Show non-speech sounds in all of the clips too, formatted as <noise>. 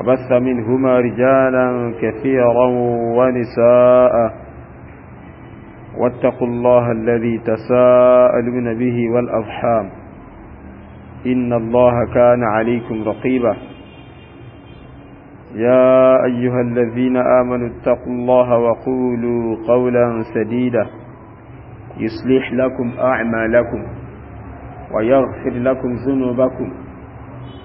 وبث منهما رجالا كثيرا ونساء واتقوا الله الذي تساءلون به والأضحام إن الله كان عليكم رقيبا يا أيها الذين آمنوا اتقوا الله وقولوا قولا سديدا يصلح لكم أعمالكم ويغفر لكم ذنوبكم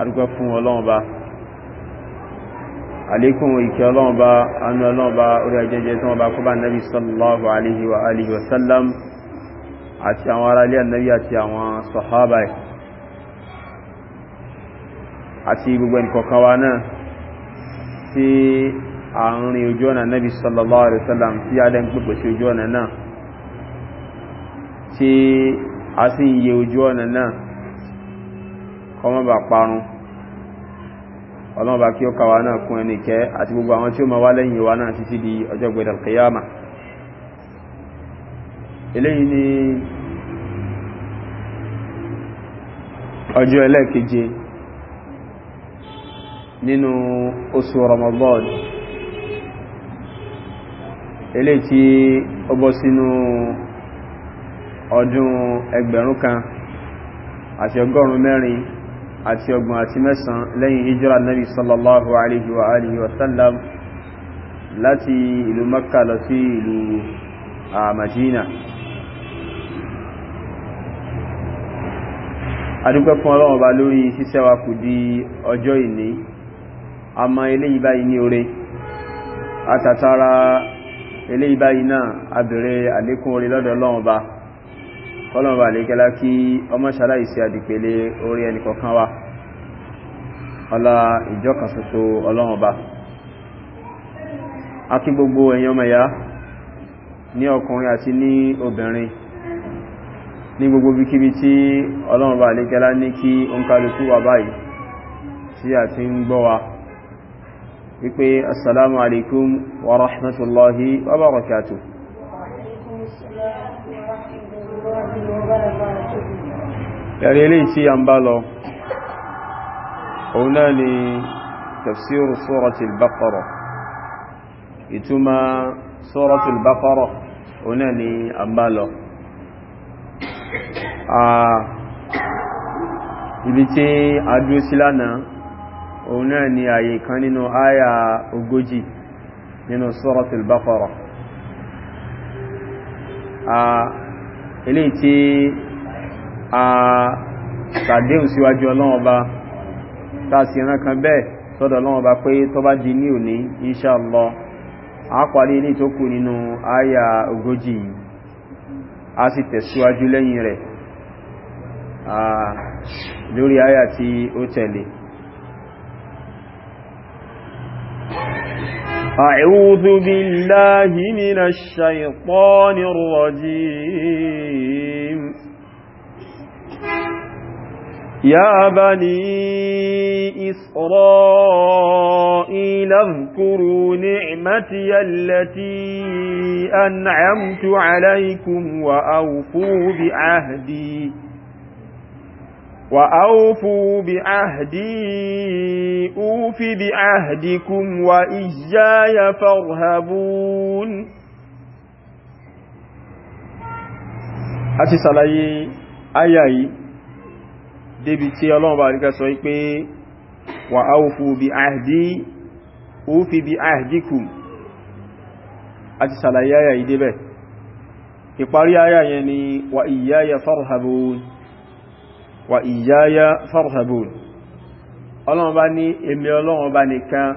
adúpẹ́ fún ọlọ́run ba àlékún ìkẹ́ ọlọ́run ba anú ọlọ́run ba orí ajẹjẹ tí wọ́n bá kó bá nẹ́bí sallallahu alaihi wa alihi wa sallam àti àwọn ará ilé ànẹ́bí àti àwọn sọ̀hábà àti gbogbo ẹnìkọ̀ọ̀kan wa náà tí àárín ojú ọ̀nà nẹ́bí sallallahu alaihi náà kọ́mọ́ bà parun ọlọ́run bá kí ó kàwà náà kún ẹni àti gbogbo àwọn tí ó ma wá lẹ́yìn wa náà títí di ọjọ́ gbẹ̀dẹ̀ kìyàmà eléyìn ni ọjọ́ ẹlẹ́keje nínú oṣù Ramadan eléyìí tí ó bọ́ sínú ọdún ẹgbẹ̀rún kan ún àti ọgbọ̀n àti mẹ́sàn lẹ́yìn hijira nabi sallallahu alaihi wa alihi wa sallam láti ìlú makka lọ sí ìlú a madina adúpẹ́ fún ọlọ́wọ́ bá lórí ṣíṣẹ́wà kù di ọjọ́ ìní a ma ilé ìbáyìí ní àtàtàrà ilé ìbáyìí náà àlékún orí lọ́dọ̀ ọlọ́wọ́ bá kọ́lọ̀mù bá lè gẹ́lá kí ọmọ ṣaláìsí àdìpele orí ẹnìkọ̀kan wa ọlá ìjọkan ṣoṣo ọlọ́run bá a kí gbogbo ẹ̀yin ọmọ ya ní ọkùnrin àti ní obìnrin ní gbogbo bíkíbi tí ọlọ́run bá lè gẹ́lá ní kí ó ń kálukú wa báyìí tí a ti ń gbọ́ wa wípé assalamu alaikum wa rahmatullahi wa barakatuh ẹ̀rẹ́ ilé tí a ń bá lọ òun náà ni tafsiru suratul baqara ìtumọ̀ suratul baqara òun náà ni a ń bá lọ ibi tí a dúró sí lánàá òun náà ni àyè kan nínú àyà ogójì nínú suratul baqara eléyìí tí a sàdéhùn síwájú ọlọ́wọ́n bá si a kan bẹ́ẹ̀ sọ́dọ̀ ọlọ́wọ́n bá pé tó bá di ní òní inshallah a parí ilé tó kù nínú àyà ogójì yìí a sì tẹ̀síwájú lẹ́yìn rẹ̀ lórí àyà tí ó tẹ̀lé أعوذ بالله من الشيطان الرجيم يا بني إسرائيل اذكروا نعمتي التي أنعمت عليكم وأوفوا بعهدي وأوفوا بعهدي أوف بعهدكم وإياي فارهبون أتي صلي آيائي débi tí ọlọ́run bá ríkà sọ wípé wà áwùfù bí àìdí òfì bí àìdíkù àti sàlàyé ayà yìí débẹ̀ ìparí ayà yẹn ni wà ìyáyà farhabun wà ìyáyà farhabun ọlọ́run bá ní èmi ọlọ́run bá nìkan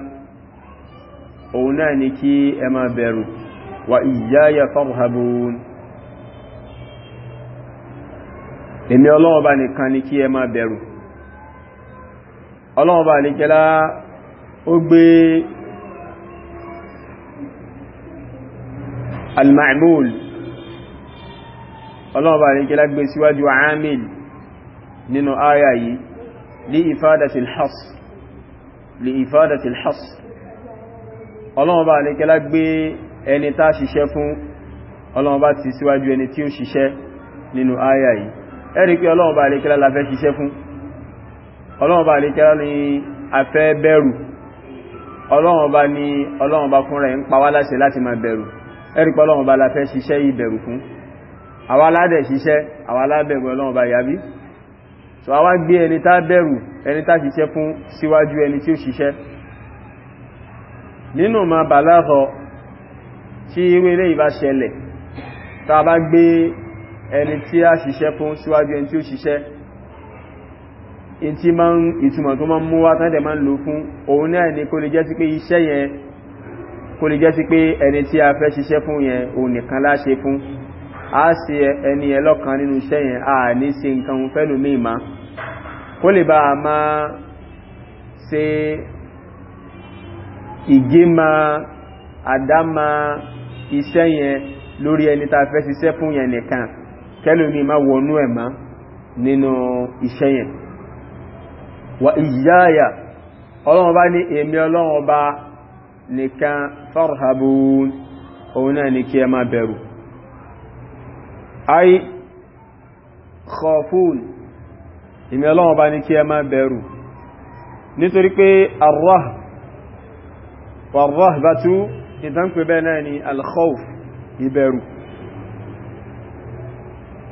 òun náà ni kí ẹ máa bẹ̀rù wà ìyáyà farhabun èmi ọlọ́wọ́ bá nìkan ni kí ẹ máa bẹ̀rù ọlọ́wọ́ bá ní kẹlá ó gbé al-ma'mul ọlọ́wọ́ bá ní kẹlá gbé síwájú amil nínú àyà yìí li ifadatil hasr li ifadatil hasr ọlọ́wọ́ bá ní kẹlá gbé ẹni tá ṣiṣẹ́ fún ọlọ́wọ́ bá ti síwájú ẹni tí ó ṣiṣẹ́ nínú àyà yìí ẹ̀rí pé ọlọ́run bá àlékẹ́lá la fẹ́ ṣiṣẹ́ fún ọlọ́run bá àlékẹ́lá ni a fẹ́ bẹ̀rù ọlọ́run bá ní ọlọ́run bá fúnra ẹ̀ ń pa wá láṣẹ láti máa bẹ̀rù ẹ̀rí pé ọlọ́run bá la fẹ́ ṣiṣẹ́ yìí bẹ̀rù fún àwa aládẹ̀ ṣiṣẹ́ so àwa gbé ẹni tá bẹ̀rù ẹni tá ṣiṣẹ́ fún síwájú ma bàláhọ tí irú eléyìí bá ẹni tí a ṣiṣẹ́ fún síwájú ẹni tí ó ṣiṣẹ́ in tí ma ń ìtumọ̀ tó ma ń mú wá tẹ́lẹ̀ ma ń lò fún òun náà ni kó lè jẹ́ sí pé iṣẹ́ yẹn kó lè jẹ́ sí pé ẹni tí a fẹ́ ṣiṣẹ́ fún yẹn òun nìkan láṣe fún a ṣe ẹni yẹn nínú iṣẹ́ yẹn a ní ṣe nǹkan fẹ́nu míì ma kó lè bá a máa ṣe ìgéma àdáma iṣẹ́ yẹn lórí ẹni tá fẹ́ ṣiṣẹ́ fún yẹn nìkan kẹ́lùmí má wọnú ẹ̀ má nínú iṣẹ́ yẹn wà ìyáyà ọlọ́run bá ní èmi ọlọ́run bá nìkan farhabun òun náà ní kí ẹ má bẹ̀rù ay khafun èmi ọlọ́run bá ní kí ẹ má bẹ̀rù nítorí pé arrah ìbẹ̀rù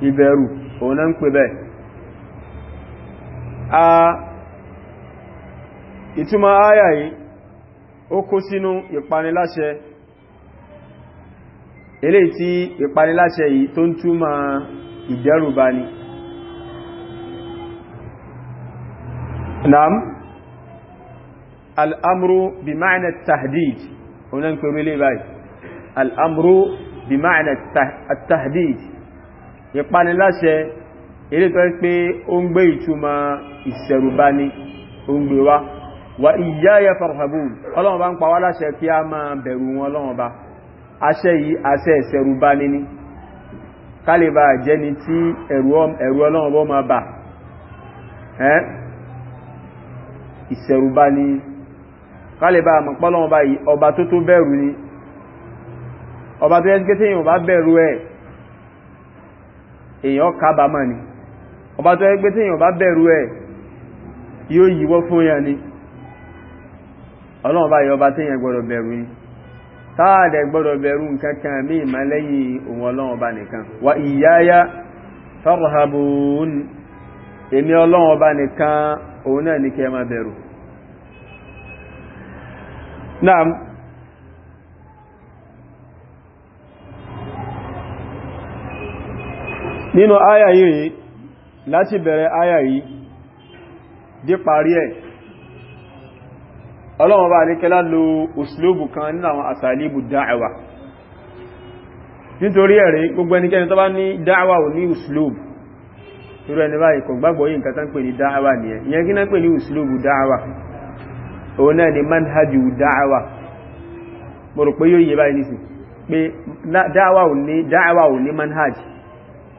ìbẹ̀rù òun náà ń pè bẹ́ẹ̀ a ìtumọ̀ áyà yìí ó kó sínú ìpaniláṣẹ ilé tí ìpaniláṣẹ yìí tó ń túmọ̀ ìdẹ́rùbà ni nam al'amru bi ma'ana tahdid òun náà ń al'amru bi ma'ana tahdid ìpaniláṣẹ eré tó ń pé ó ń gbé ìtumọ̀ ìṣẹ̀rùbani ó ń gbé wá wà iyaya farhabun ọlọ́run bá ń pa wá láṣẹ kí a máa bẹ̀rù wọn ọlọ́run bá aṣẹ́ yìí aṣẹ́ ìṣẹ̀rùbani ni kálíbà jẹ́ni tí ẹ̀rù ọlọ́run bọ́ máa bà ìṣẹ̀rùbani kálíbà mọ̀pọ́lọ́run bá bẹ̀rù ni èèyàn kábàámà ni ọba tó ẹgbẹ́ tí èèyàn bá bẹ̀rù ẹ̀ yóò yíwọ́ fún ni ọlọ́run yọ ọba tí èèyàn gbọ́dọ̀ bẹ̀rù ni táàdẹ̀ gbọ́dọ̀ bẹ̀rù nǹkan lẹ́yìn ohun nínú àyà yìí láti bẹ̀rẹ̀ àyà yìí dé parí ẹ̀ ọlọ́run bá níkẹ́lá lo òsìlóòbù kan nínú àwọn àsàlíbù dáẹwà nítorí ẹ̀rẹ́ gbogbo ẹnikẹ́ni tó bá ní dáẹwà ò ní òsìlóòbù irú ẹni báyìí kò gbàgbọ́ yìí ni manhajú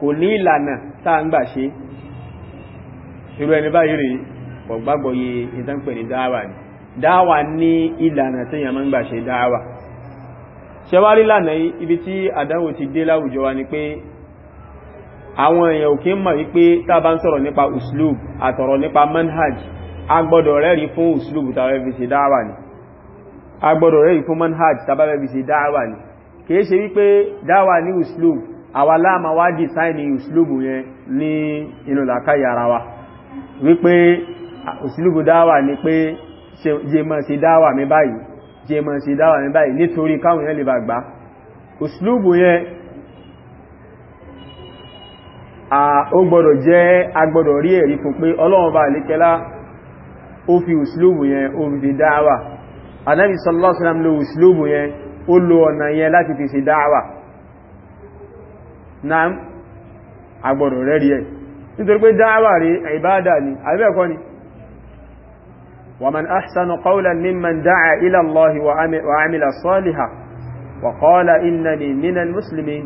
kò ní ìlànà táà ń gbà ṣe irú ẹni báyìí rí ọ̀gbàgbọ́ yí ìdánpẹ̀ ní dáwà ní dáwà ní ìlànà tí yàmọ́ ń gbà ṣe dáwà ṣẹwárí lànà ibi tí àdánwò ti dé láwùjọ wa ni pé àwọn èèyàn ò kí ń mọ̀ wípé tá bá ń sọ̀rọ̀ nípa uslub àtọ̀rọ̀ nípa manhaj a gbọ́dọ̀ rẹ́rí fún uslub tàbẹ́ ṣe dáwà ni a gbọ́dọ̀ rẹ́rí fún manhaj tàbẹ́ ṣe dáwà ni kìí ṣe wípé dáwà ní uslub àwa láàmà wá dìsáìnì ìsìlúbù yẹn ní inú làkáyà ara wa wípé ìsìlúbù dáwà ni pé jẹ mọ́ sí dáwà mi báyìí jẹ mọ́ sí dáwà mi báyìí nítorí káwọn yẹn lè bà gbá ìsìlúbù yẹn ó gbọ́dọ̀ jẹ́ agbọ́dọ̀ rí ẹ̀rí fún pé ọlọ́run bá náà agbọ̀rọ̀ rẹ̀ rí ẹ̀ nítorí pé dáwà rí ìbádà ni àbẹ́ẹ̀kọ́ ni ومن أحسن قولا ممن دعا إلى الله وعمل صالحا وقال إنني من المسلمين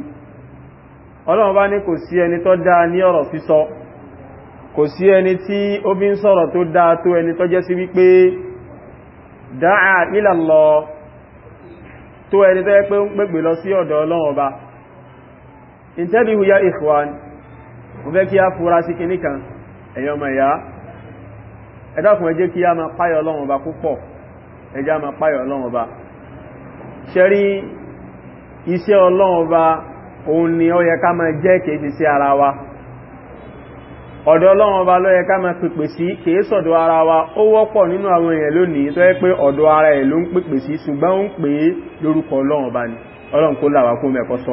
ọlọ́run bá ní kò sí ẹni tó dáa ní ọ̀rọ̀ sísọ kò sí ẹni tí ó bí ń sọ̀rọ̀ tó dáa tó ẹni tó jẹ́ sí wípé dáa ila Allah tó ẹni tó yẹ pé ń pègbè lọ sí ọ̀dọ̀ ọlọ́run ọba intabihu ya ikhwan mo fẹ́ a fura sí kinní kan ẹ̀yọ́ ọmọ ya ẹ dákun ẹ jẹ́ kí ọba púpọ̀ ẹ jẹ́ a máa ọba ṣẹ́rí iṣẹ́ ọlọ́run ọba òun ara wa ọ̀dọ̀ ọlọ́run ọba ló yẹ ká máa pèpè sí kìí sọ̀dọ̀ ara wa ó wọ́pọ̀ nínú àwọn èèyàn lónìí tó ara ẹ̀ ló ń pèpè sí ṣùgbọ́n ó ọba ni ọlọ́run kó sọ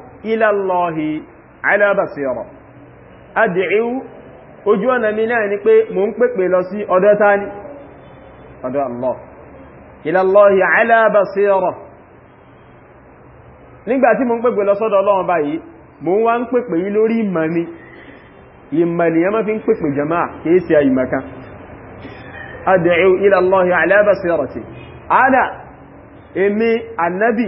ila Allahi ala basira ad'u ojú ọ̀nà mi náà ni pé mò ń pèpè lọ sí ọ̀dọ̀ ta ni ọ̀dọ̀ Allah ila Allahi ala basira mò ń pèpè lọ sọ́dọ̀ báyìí mò ń wá ń pèpè yí lórí jama'a kìí sí ana èmi annabi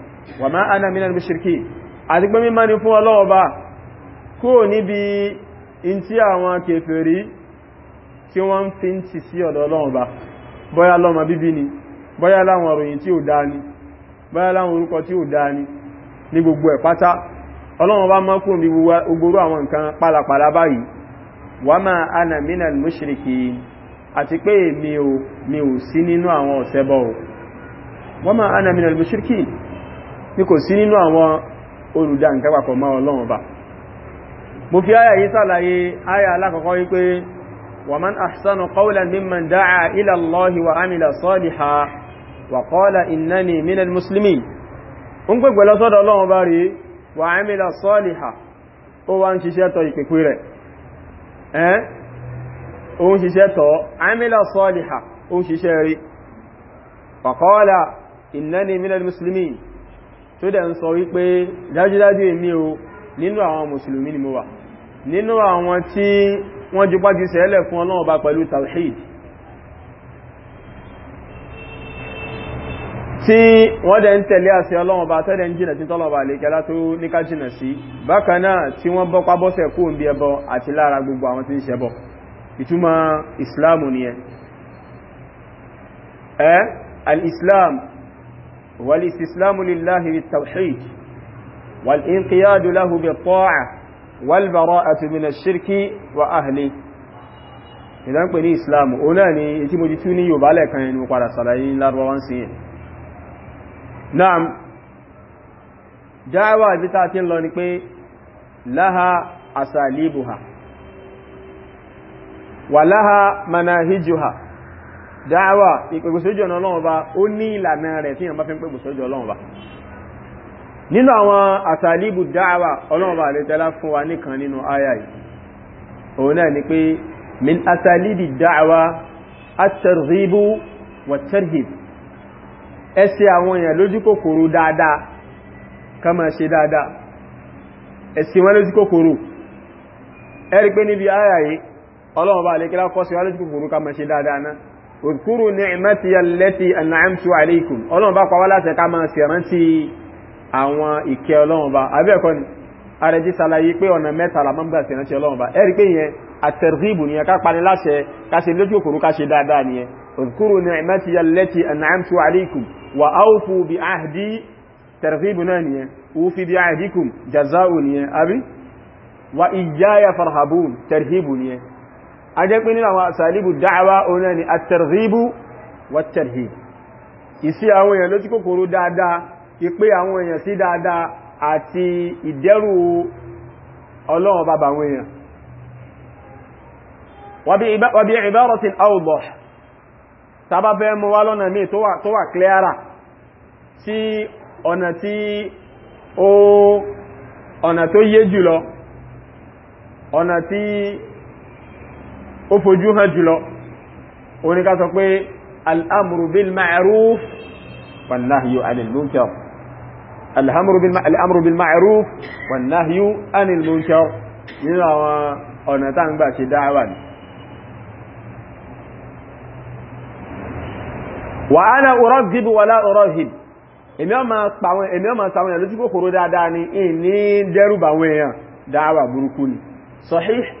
wà máa ana minal mushrikin àti pé mímọ́ ni fún Ọlọ́hun Ọba kúrò níbi in tí àwọn kèfèrí tí wọ́n fi ń tì sí ọ̀dọ̀ Ọlọ́hun Ọba bọ́yá lọ́mọ bíbí ni bọ́yá láwọn ọ̀ròyìn tí ò dáa ni bọ́yá ana minal mushrikin àti pé mi ò sí nínú àwọn ọ̀sẹ́bọ̀ wọ́n máa ana minal mushrikin ní kò sí nínú àwọn olùdá nǹkan papọ̀ mọ́ ọlọ́run ọba mo fi àyà yìí sàlàyé àyà alákọ̀ọ́kọ́ wípé ومن أحسن قولا ممن دعا إلى الله وعمل صالحا وقال إنني من المسلمين ń pẹ̀gbẹ̀ lọ sọ́dọ̀ Ọlọ́run bá rí وعمل صالحا ó wá ń tó dẹ̀ ń sọ wípé dájúdájú èmi o nínú àwọn mùsùlùmí ni mo wà nínú àwọn tí wọ́n ju pàjú sẹ́lẹ̀ fún Ọlọ́run Ọba pẹ̀lú tawhid tí wọ́n dẹ̀ ń tẹ̀lé àṣẹ Ọlọ́run Ọba tẹ́dẹ̀ ń jìnà tí tọ́lọ̀ọba àlèkẹ́lá tó níká jìnà sí bákan tí wọ́n bọ́ pábọ́sẹ̀ kó bí ẹbọ àti lára gbogbo àwọn tí ń ṣẹbọ ìtumọ̀ al-islam والاستسلام لله بالتوحيد والانقياد له بالطاعة والبراءة من الشرك وأهله ìdá ń pè ní islam o náà ni tí mo jí tún ní yóò bá lẹ́ẹ̀kan inú padà sàlàyé lárọwọ́n sí ẹ̀ náà jáwà ìbítà tí ń lọ ni pé láha asalibuha wà láha manahijuha dáwà ìpègbèsójú ọ̀nà ọlọ́run bá ó ní ìlànà rẹ̀ tí yàn bá fi ń pègbèsójú ọlọ́run bá nínú àwọn àtàlíbù dáwà ọlọ́run bá lè tẹ́lá fún wa nìkan nínú àyà yìí òun náà ni pé min àtàlíbì dáwà àtẹ̀rìbù wàtẹ̀rìb ẹ ṣe àwọn èèyàn lójú kòkòrò dáadáa ká máa ṣe dáadáa ẹ ṣe wọn lójú kòkòrò ẹ òkúrò ní ìmẹ́tì ẹlẹ́tì ẹ̀nàmtù àìlẹ́kùn ọlọ́run bá pàwọ́ láti ká máa ṣèrántí àwọn ìkẹ́ ọlọ́run bá abẹ́ẹ̀kọ́ ni arẹjí ṣàlàyé pé ọ̀nà mẹ́ta la máa ọlọ́run bá ẹ̀rí pé yẹn àtẹ̀rìbù nìyẹn ká pani láṣẹ ká lójú òkúrú ká dáadáa nìyẹn a jẹ́ pé nínú àwọn àsàlíbù dáàwà oní ẹni àtẹ̀rìbù wàtẹ̀rì ìsí àwọn èèyàn lójú kòkòrò dáadáa ìpé àwọn èèyàn sí dáadáa àti ìdẹ́rù ọlọ́run bàbà àwọn èèyàn wàbí ìbáratin awdah tàbá fẹ́ mú wá lọ́nà míì tó wà clearer ọ̀nà tí ó ọ̀nà tó yé jùlọ ọ̀nà tí ó fojú hàn jùlọ oníká sọ pé al'amuru bil ma'aruf wannahyu anil munkar al'amuru bil ma'aruf wannahyu anil munkar nínú àwọn ọ̀nà tá ń gbà ṣe dáwà ní wà á na urọ́gib wàlá urọ́gib èmi ọmọ sàwọn ẹ̀lú tí kò kòrò dáadáa ni ìní dẹ́rù bàwọn èèyàn dáwà burúkú ni sahih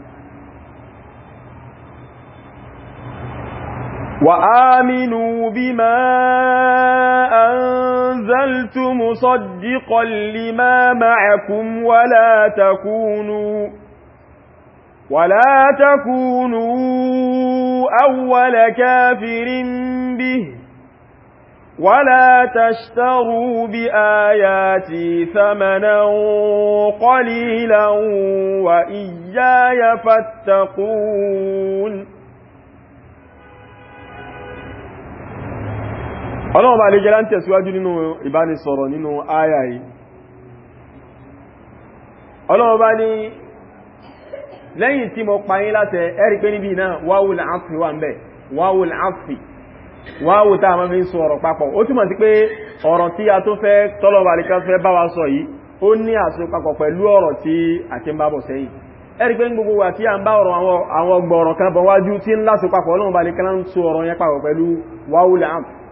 وآمنوا بما أنزلت مصدقا لما معكم ولا تكونوا ولا تكونوا أول كافر به ولا تشتروا بآياتي ثمنا قليلا وإياي فاتقون ọlọ́run bá lè jẹ́ láti tẹ̀síwájú nínú ìbánisọ̀rọ̀ nínú àyà yìí ọlọ́run bá ní lẹ́yìn tí mo pa láti ẹ̀rí pé níbi náà wáwù láàfì wà ń bẹ̀ wáwù láàfì wáwù a máa fi ń sọ ọ̀rọ̀ papọ̀ ó túmọ̀ sí pé ọ̀rọ̀ tí a tó fẹ́ tọ́lọ̀bà ọrọ fẹ́ bá wa sọ yìí ó ní àṣọ papọ̀ pẹ̀lú ọ̀rọ̀ tí a ti ń bá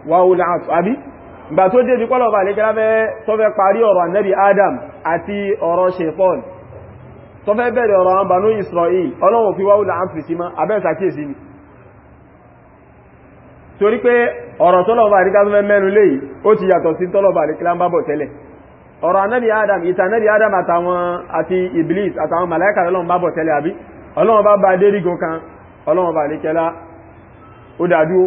wáwúlá àbí gbà tó dé bí pọ́lọ̀ bà lè gẹ́láfẹ́ tó fẹ́ parí ọ̀rọ̀ annabi adam àti ọ̀rọ̀ shefon tó fẹ́ bẹ̀rẹ̀ ọ̀rọ̀ àwọn bànú israel ọlọ́wọ̀ fi wáwúlá àmfì sí ma abẹ́ta kíèsí ni torí pé ọ̀rọ̀ tọ́lọ̀ bà lè gẹ́láfẹ́ mẹ́nu lè ó ti yàtọ̀ sí tọ́lọ̀ bà lè gẹ́láfẹ́ tẹ́lẹ̀ ọ̀rọ̀ annabi adam ìta annabi adam àtàwọn àti iblis àtàwọn màláíkà lọ́lọ́run bá bọ̀ tẹ́lẹ̀ àbí ọlọ́run bá bá dérígun kan ọlọ́run bá lè kẹ́lá ó dàdúró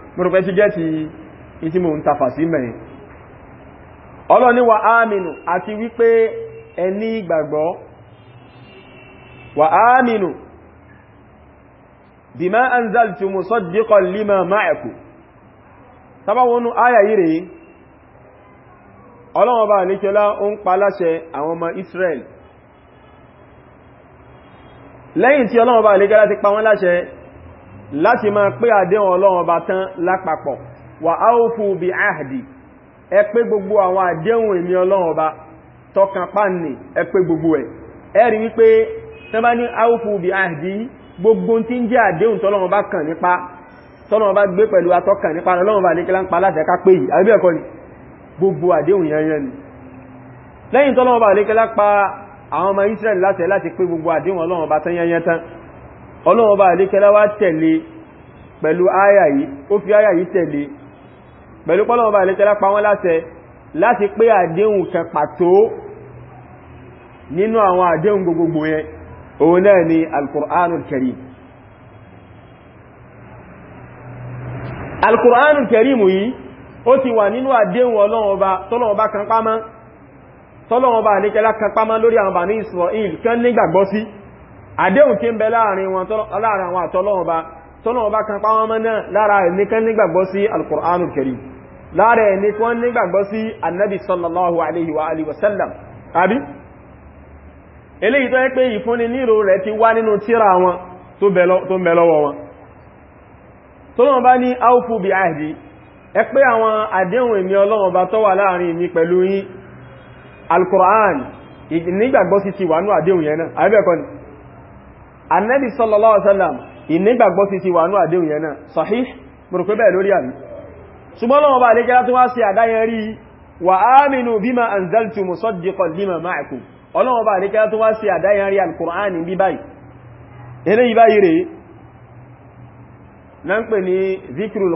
mọ̀rọ̀pẹ́ ti gẹ́ ti ìtí mò ń tafà sí mẹ́rin ọlọ́ni wà áàmìnù àti wípé ẹni ìgbàgbọ́ wà áàmìnù bima anzaltu musaddiqan lima ma'akum sábáwọnú áyà yìí rèé ọlọ́wọ́ bá ó ń pa àwọn ọmọ Israel lẹ́yìn tí ọlọ́wọ́ bá ti pa wọ́n láṣẹ láti máa pé àdéhùn ọlọ́run ọba tán lápapọ̀ wà áwòfù bí áhàdì ẹ pé gbogbo àwọn àdéhùn èmi ọlọ́run ọba tọkàn pàánì ẹ pé gbogbo ẹ̀ ẹ̀rí wípé tán bá ní áwòfù bí áhàdì gbogbo tí ń jẹ́ àdéhùn tọ́lọ́run ọba kàn nípa tọ́lọ́run ọba gbé pẹ̀lú atọ́kàn nípa ọlọ́run ọba lékelá ń pa láṣẹ ká pé yìí àbí ẹ̀kọ́ ni gbogbo àdéhùn yẹn yẹn ni lẹ́yìn tọ́lọ́run ọba lékelá pa àwọn ọmọ Israẹli láṣẹ láti ọlọ́wọ́ bá àlékẹ́lá wá tẹ̀lé pẹ̀lú áyà yìí ó fi áyà yìí tẹ̀lé pẹ̀lú pọ́lọ́wọ́ bá àlékẹ́lá pa wọ́n láṣẹ láti pé àdéhùn kan pàtó nínú àwọn àdéhùn gbogbogbò yẹn òun náà ni alkùránul karim alkùránul karim yìí ó ti wà nínú àdéhùn ọlọ́wọ́ bá kan pamọ́ tọ́lọ́wọ́ bá àlékẹ́lá kan pamọ́ lórí àwọn Bani Israel kan nígbàgbọ́ sí àdéhùn tí ń bẹ láàrin wọn láàrin àwọn àtọ́lọ́wọ́n bá tọ́lọ́wọ́n kan páwọn mọ́ náà lára kan nígbàgbọ́ sí alkùránù kẹrì lára wọ́n nígbàgbọ́ sí annabi sallallahu alaihi wa alihi wasallam àbí eléyìí tó rẹ̀ ti wá wọn tó wọn annabi sallallahu alaihi wasallam ìnígbàgbọ́ ti ti wà ní àdéhùn yẹn náà sahih mùrùkú bẹ́ẹ̀ lórí àmì ṣùgbọ́n lọ́wọ́ bá lè kẹ́lá tó wá sí àdáyẹrí wa aminu bima anzaltu musaddiqan lima ma'akum ọlọ́wọ́ bá lè kẹ́lá tó wá sí àdáyẹrí al-Qur'ani bí báyìí eléyìí báyìí rèé na ń pè ní zikrul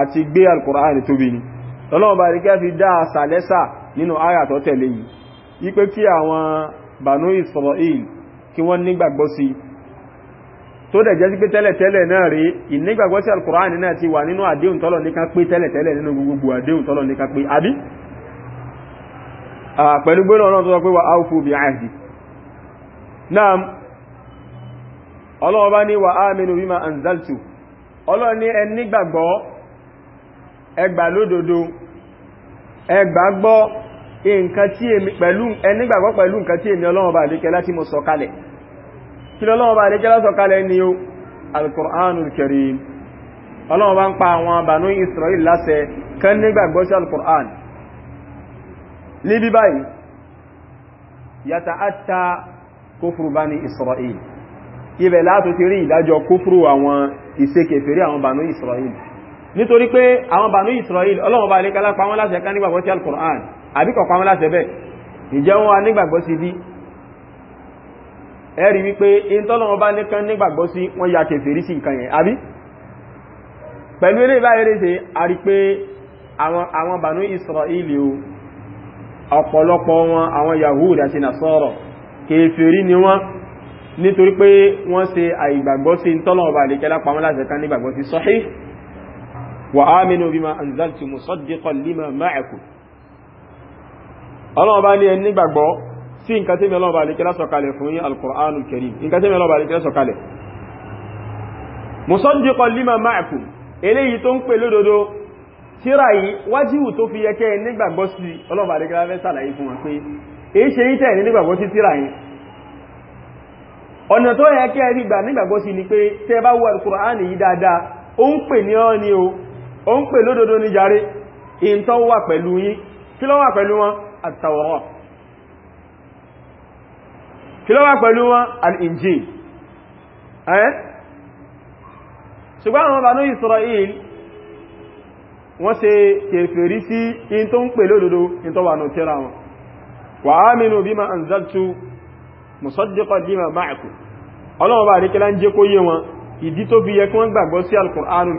àti gbé alkùnránì tóbi ni ọlọ́run bá rí kí a fi dá àṣà lẹ́sà nínú àyà tó tẹ̀lé yìí wípé kí àwọn bànú Israel kí wọ́n nígbàgbọ́ sí tó dẹ̀ jẹ́ sí pé tẹ́lẹ̀tẹ́lẹ̀ náà rí ìnígbàgbọ́ sí alkùnránì náà ti wà nínú àdéhùn tọ́lọ̀ ní kan pé tẹ́lẹ̀tẹ́lẹ̀ nínú gbogbo àdéhùn tọ́lọ̀ ní kan pé àbí pẹ̀lú ẹgbà lódodo ẹgbà gbọ́ nǹkan tí pẹ̀lú ẹnigbàgbọ́ pẹ̀lú nǹkan tí èmi ọlọ́run bá lékẹ́ láti mo sọ̀kalẹ̀ kí lọ́lọ́run bá lékẹ́ lásọ̀kalẹ̀ ni ó alkùránù karim ọlọ́run bá ń pa àwọn Banu Israel láṣẹ nítorí pé àwọn bànú Israel Ọlọ́run bá lékalá pa wọ́n láṣẹ ká nígbàgbọ́ sí al-Qur'an àbí kò pa wọ́n láṣẹ bẹ́ẹ̀ ìjẹ́ wọn nígbàgbọ́ sí bí ẹ̀rí wípé ìntọ́lọ́wọ́ bá lékan nígbàgbọ́ sí ya kèfèrí sí nǹkan yẹn àbí pẹ̀lú eré báyẹ̀rẹ́ ṣe a rí pé àwọn bànú Israel o ọ̀pọ̀lọpọ̀ wọn ni wọ́n nítorí pé wọ́n ṣe àìgbàgbọ́ sí ìntọ́lọ́wọ́ bá lékalá pa wọ́n láṣẹ ká nígbàgbọ́ sí sahih وآمنوا بما أنزلت مصدقا لما معكم ọlọ́run bá ní ẹni gbàgbọ́ sí nǹkan tí mẹ́lọ́run bá lè kílá sọ̀kalẹ̀ fún yí alkùránù kẹrì nǹkan tí mẹ́lọ́run bá lè kílá sọ̀kalẹ̀ musaddiqan lima ma'akum eléyìí tó ń pè lódodo tíra yìí wájíwù tó fi yẹkẹ́ nígbàgbọ́ sí ọlọ́run bá lè kílá fẹ́ sàlàyé fún wa pé èyí ṣe yí tẹ̀ẹ̀ nígbàgbọ́ sí tíra yìí ọ̀nà tó yẹ kẹ́ rí gbà nígbàgbọ́ sí ni pé tẹ́ bá wo alkùránù yìí dáadáa ó ń pè ní ọ́ ni o ó ń pè lódodo ní jàre in tó wà pẹ̀lú yín kí ló wà pẹ̀lú wọn àtàwọ̀rọ̀ kí ló wà pẹ̀lú wọn al-injil ẹ́ ṣùgbọ́n àwọn Banu Israel wọ́n ṣe kèfèrí sí in tó ń pè lódodo in tó wà nù tírà wọn wa aminu bima anzaltu musaddiqan lima ma'akum ọlọ́wọ́ bá rí kí lá ń jẹ́ kó yé wọn ìdí tó fi yẹ kí wọ́n gbàgbọ́ sí al-Qur'anul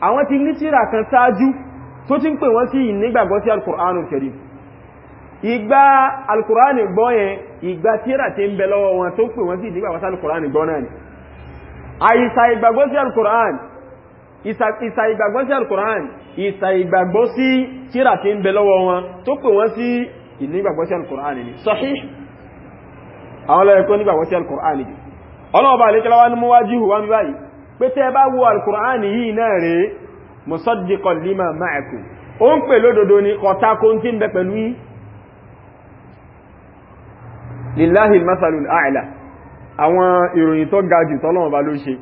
àwọn ti ní tírà kan sáájú tó ti ń pè wọ́n sí ìnígbàgbọ́ sí alkùránù kẹrì ìgbà alkùránù gbọ́ yẹn ìgbà tírà ti ń bẹ lọ́wọ́ wọn tó pè wọ́n sí ìnígbàgbọ́ sí alkùránù gbọ́ náà ni àìsà ìgbàgbọ́ sí alkùránù ìsà ìgbàgbọ́ sí alkùránù ìsà ìgbàgbọ́ sí tírà ti ń bẹ lọ́wọ́ wọn tó pè àlékẹ́lá wá ní mú wájú wá báyìí pé tẹ́ bá wo alkùránì yìí náà rẹ̀ musaddiqan lima ma'akum ó ń pè lódodo ní kọta kó tí ń bẹ pẹ̀lú yìí lillahi masalul a'la àwọn ìròyìn tó ga jù tọ́lọ́wọ́n bá ló ṣe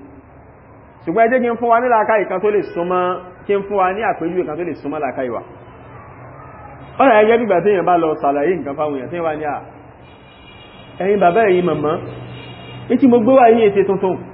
ṣùgbọ́n ẹ jẹ́ kí n fún wa ní làákàyè kan tó lè súnmọ́ kí n fún wa ní àpèjúwe kan tó lè súnmọ́ làákàyè wa ọ̀rọ̀ ẹgẹ́ bí gbàtí èèyàn bá lọ sàlàyé nǹkan fáwọn èèyàn tí wà ní à ẹ̀yin bàbá ẹ̀yin màmá ní tí mo gbé wà yí ètè tuntun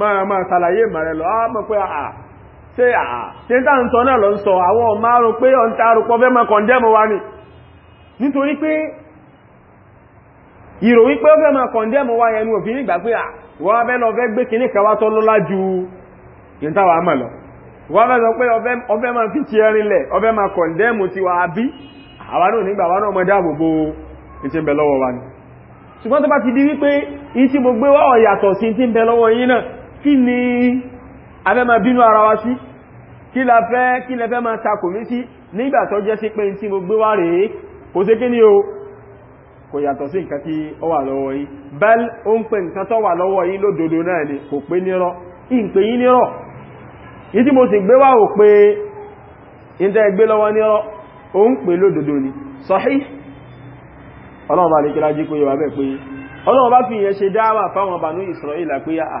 máa máa ṣàlàyé ìmọ̀rẹ̀ lọ á mọ̀ pé àà ṣe àà ṣe ń tàn sọ náà lọ ń sọ àwọn ọmọ pé ọ̀n fẹ́ wa ni nítorí pé ìròyìn ó fẹ́ wa òfin nígbà pé à wọ́n lọ fẹ́ gbé kan wá tọ́ lọ wọ́n fẹ́ sọ pé ọfẹ́ fi ti ẹrin lẹ̀ ọfẹ́ máa ti wà bí àwa náà nígbà wa ni ṣùgbọ́n tó bá ti gbogbo ọ̀yàtọ̀ sí ti ń bẹ kí ni afẹ́ ma bínú ara wa sí kí la fẹ́ kí lẹ́fẹ́ ma takò mí sí nígbà tó jẹ́ sí pé tí mo gbé wá rèé kò sí kí ni o kò yàtọ̀ sí nǹkan tí ó wà lọ́wọ́ yìí bẹ́ẹ̀ ó ń pè nǹkan tó wà lọ́wọ́ yìí lódodo náà ni kò pé nírọ́ ìpè yìí nírọ́ yìí tí mo sì gbé wá ò pé ìtẹ́ gbé lọ́wọ́ nírọ́ ó ń pè lódodo ni sahih ọlọ́run bá lè kí lájí kó yẹ wà bẹ́ẹ̀ pé ọlọ́run bá fi ìyẹn ṣe dáwà fáwọn bànú Isra'ila pé àà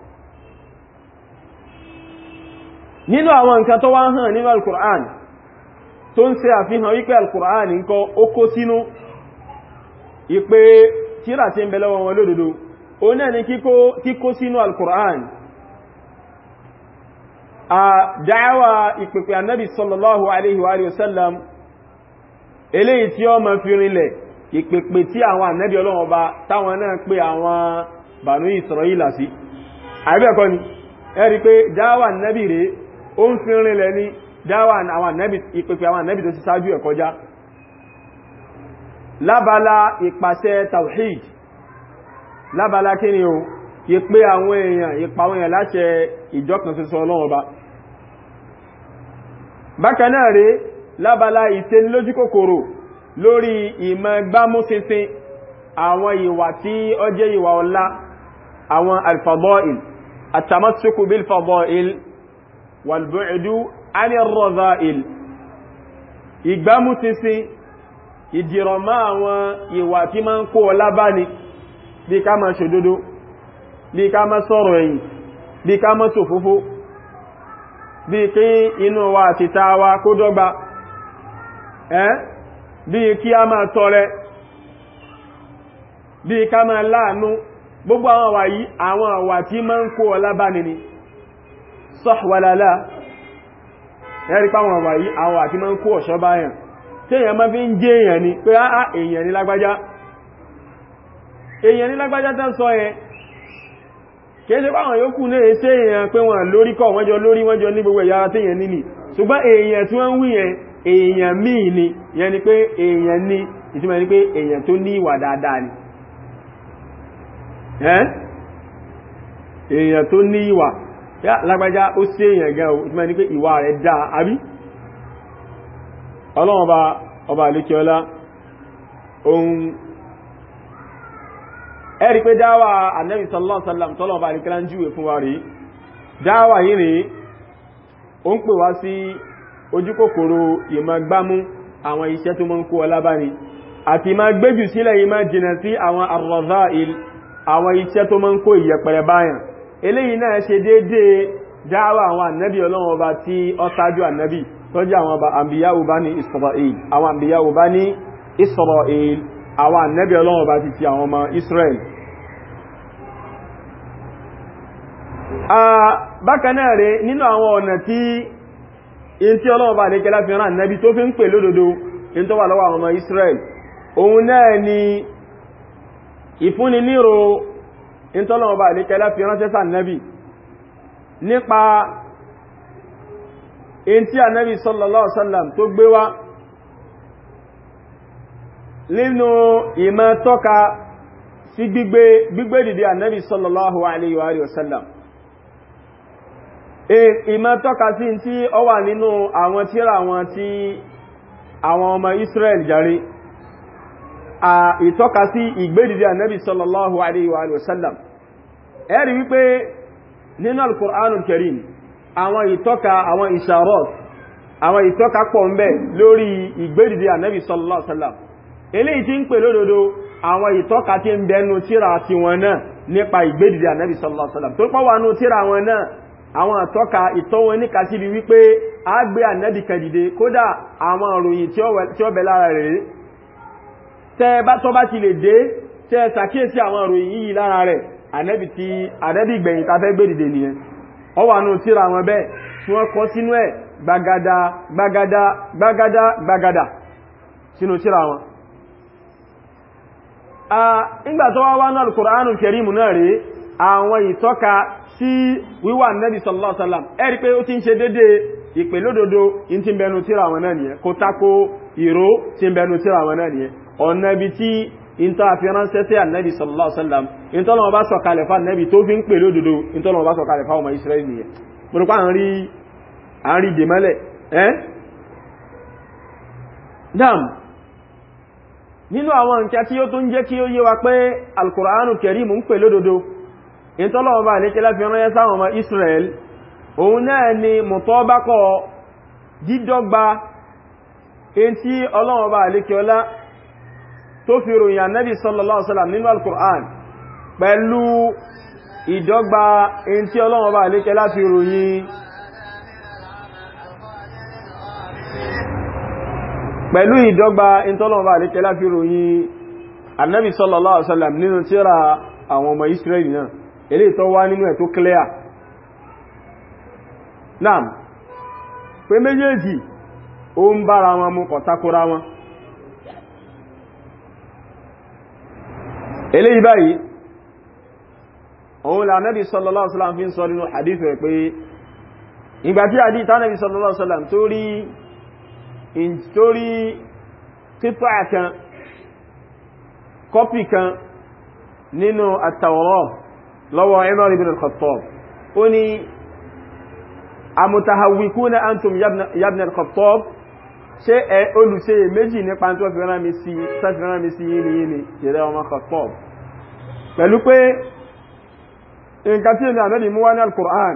nínú àwọn nǹkan tó wá hàn nínú al-Qur'an tó ń ṣe àfihàn wípé al-Qur'an nǹkan ó kó sínú ìpé tíra tí ń bẹ lọ́wọ́ wọn lódodo ó náà ni kíkó sínú al-Qur'an a dáwà ìpèpè annabi sallallahu alaihi wa sallam eléyìí tí ó ma fi rinlẹ̀ ìpèpè tí àwọn annabi ọlọ́wọ́ bá táwọn náà pé àwọn bànú Isra'ila sí àìbẹ̀kọ́ ni ẹ̀rí pé dáwà annabi rèé ó ń fi rinlẹ̀ ní dáwà àwọn ànábì ìpèpè àwọn ànábì tó ti ṣáájú ẹ̀ kọjá lábala ìpàṣẹ tawhid lábala kí ni o ìpè àwọn èèyàn ìpa àwọn èèyàn láṣẹ ìjọkan ṣoṣo ọlọ́run ọba bákan náà rèé lábala ìṣenilójú kòkòrò lórí ìmọ̀ gbámúṣinṣin àwọn ìwà tí ó jẹ́ ìwà ọlá àwọn al-fadail at-tamassuku bil-fadail wàlbùrùdú anìrọ̀záìl ìgbámúsinsin ìdìrọ̀má àwọn ìwà tí ma ń kó ọlá bá ní bí ká ma ṣòdodo bí ká ma sọ̀rọ̀ ẹ̀yìn bí ká ma ṣòfófó bí kí inú wa àti tàwa kó dọ́gba ẹ́n bí kí a ma tọrẹ bí ká ma láàánú gbogbo àwọn àwà yìí àwọn àwà tí ma ń kó ọlá bá ni sọ́wàlálá ẹ̀rí páwọn ọ̀wà yìí àwọn àti máa ń kó ọ̀ṣọ́ báyàn tí èyàn máa fi ń jẹ́ èyàn ni pé á èyàn ní lágbájá èyàn ní lágbájá tán sọ ẹ kéèṣe páwọn yókù náà ṣe èyàn pé wọ́n lórí kọ́ wọ́n jọ lórí wọ́n jọ ní gbogbo ẹ̀yà tí èyàn nílì ṣùgbọ́n èyàn tí wọ́n wí yẹn èyàn míì ni tó ní ìwà yá lágbàjá ó sí èèyàn gan o ìtumọ̀ ní pé ìwà rẹ̀ dá àbí ọlọ́run ọba ọba àlékiọlá ohun ẹ̀rí pé dáwà anẹ́bì sallọ́sallam tọ́lọ̀ ọba àlékiọlá ń júwe fún wa rí dáwà yìí rí ó ń pè wá sí ojú kòkòrò ìmọ̀gbámú àwọn iṣẹ́ tó mọ́ ń kó ọlá bá àti ma gbéjù sílẹ̀ yìí jìnà sí àwọn àrọ̀zá àwọn iṣẹ́ tó mọ́ ń kó ìyẹ̀pẹ̀rẹ̀ báyàn eléyìí náà ṣe déédéé dáwà àwọn ànábì ọlọ́run ọba tí ó ṣáájú ànábì tọ́jú àwọn àmbíyáwó bá ní Israel àwọn àmbíyáwó bá ní Israel àwọn ànábì ọlọ́run ọba ti ti àwọn ọmọ Israel bákan náà rẹ̀ nínú àwọn ọ̀nà tí in tí ọlọ́run ọba àdékẹ́lá fi rán ànábì tó fi ń pè lódodo in tó wà lọ́wọ́ àwọn ọmọ Israel òun náà ni ìfúnni nírò nítọ́lọ́wọ́ bá ilé kẹlẹ́ fi ránṣẹ́ sànẹ́bì nípa in tí ànẹ́bì sallallahu alaihi wasallam tó gbé wá nínú ìmọ̀ tọ́ka sí gbígbé gbígbé dìde ànẹ́bì sallallahu alaihi wasallam e, ìmọ̀ tọ́ka sí tí ó wà nínú àwọn tíra àwọn tí àwọn ọmọ Israel jàre ìtọ́ka sí si ànábì sallallahu alayhi wa sallam ẹ̀rí wípé nínú al-Qur'anul Karim àwọn ìtọ́ka àwọn isharat àwọn ìtọ́ka pọ̀ ń bẹ lórí ìgbédìdí ànábì sallallahu alayhi wa sallam eléyìí tí ń pè lódodo àwọn ìtọ́ka tí ń bẹnu tíra ti wọn sallallahu wa tẹ́ bá tọ́ bá ti lè dé tẹ́ sàkíyèsí àwọn ìròyìn yìí lára rẹ̀ ànẹ́bì tí ànẹ́bì gbẹ̀yìn ta fẹ́ gbèrìdè nìyẹn ọ wà nù wọn bẹ́ẹ̀ tí wọ́n sínú ẹ̀ gbagada gbagada gbagada gbagada sínú wọn tó wá wá náà náà rèé àwọn ìtọ́ka sí wíwà pé ó ti ń ṣe ọ̀nà ibi tí ìntọ́ àfihànṣẹ́ sallallahu alaihi wasallam ìntọ́nà ọba sọ̀kalẹ̀ fún ànẹ́bì tó fi ń pè lódodo ìntọ́nà ọba sọ̀kalẹ̀ fún ọmọ Israẹli nìyẹn mọ̀lùpá àárí dèmọ́lẹ̀ ẹ́ dam nínú àwọn nǹkan tí ó tó ń jẹ́ kí ó yé wa pé alkùránù kẹrìmù ń pè lódodo ìntọ́nà ọba àlékẹ́ ni mùtọ́bákọ̀ dídọ́gba èyí tí ọlọ́run ọba tó fi ròyìn ànábì sallallahu alaihi wasallam nínú al-Qur'an pẹ̀lú ìdọ́gba in tí ọlọ́run bá lékẹ́ láti ròyìn pẹ̀lú ìdọ́gba in tí ọlọ́run bá lékẹ́ láti ròyìn ànábì sallallahu alaihi wasallam nínú tírà àwọn ọmọ Israeli náà eléyìí tó wà nínú ẹ̀ tó ó ń bára wọn eléyìí báyìí òun là nẹ́bí sallallahu alaihi wasallam fi ń sọ nínú hadith rẹ̀ pé ìgbà tí àdí ìtànẹ́bí sallallahu alaihi wasallam tó rí kípa kan kọ́pì kan nínú at-Tawrah lọ́wọ́ Umar ibn al-Khattab ó ní amutahawikuna antum yabna al-Khattab ṣe ẹ olùṣe méjì nípa tó fi rán mi sí yìí ni yìí ni ìrẹ́ ọmọ Khattab pẹ̀lú pé nǹkan tí èmi àmẹ́ni mú wá ní al-Qur'an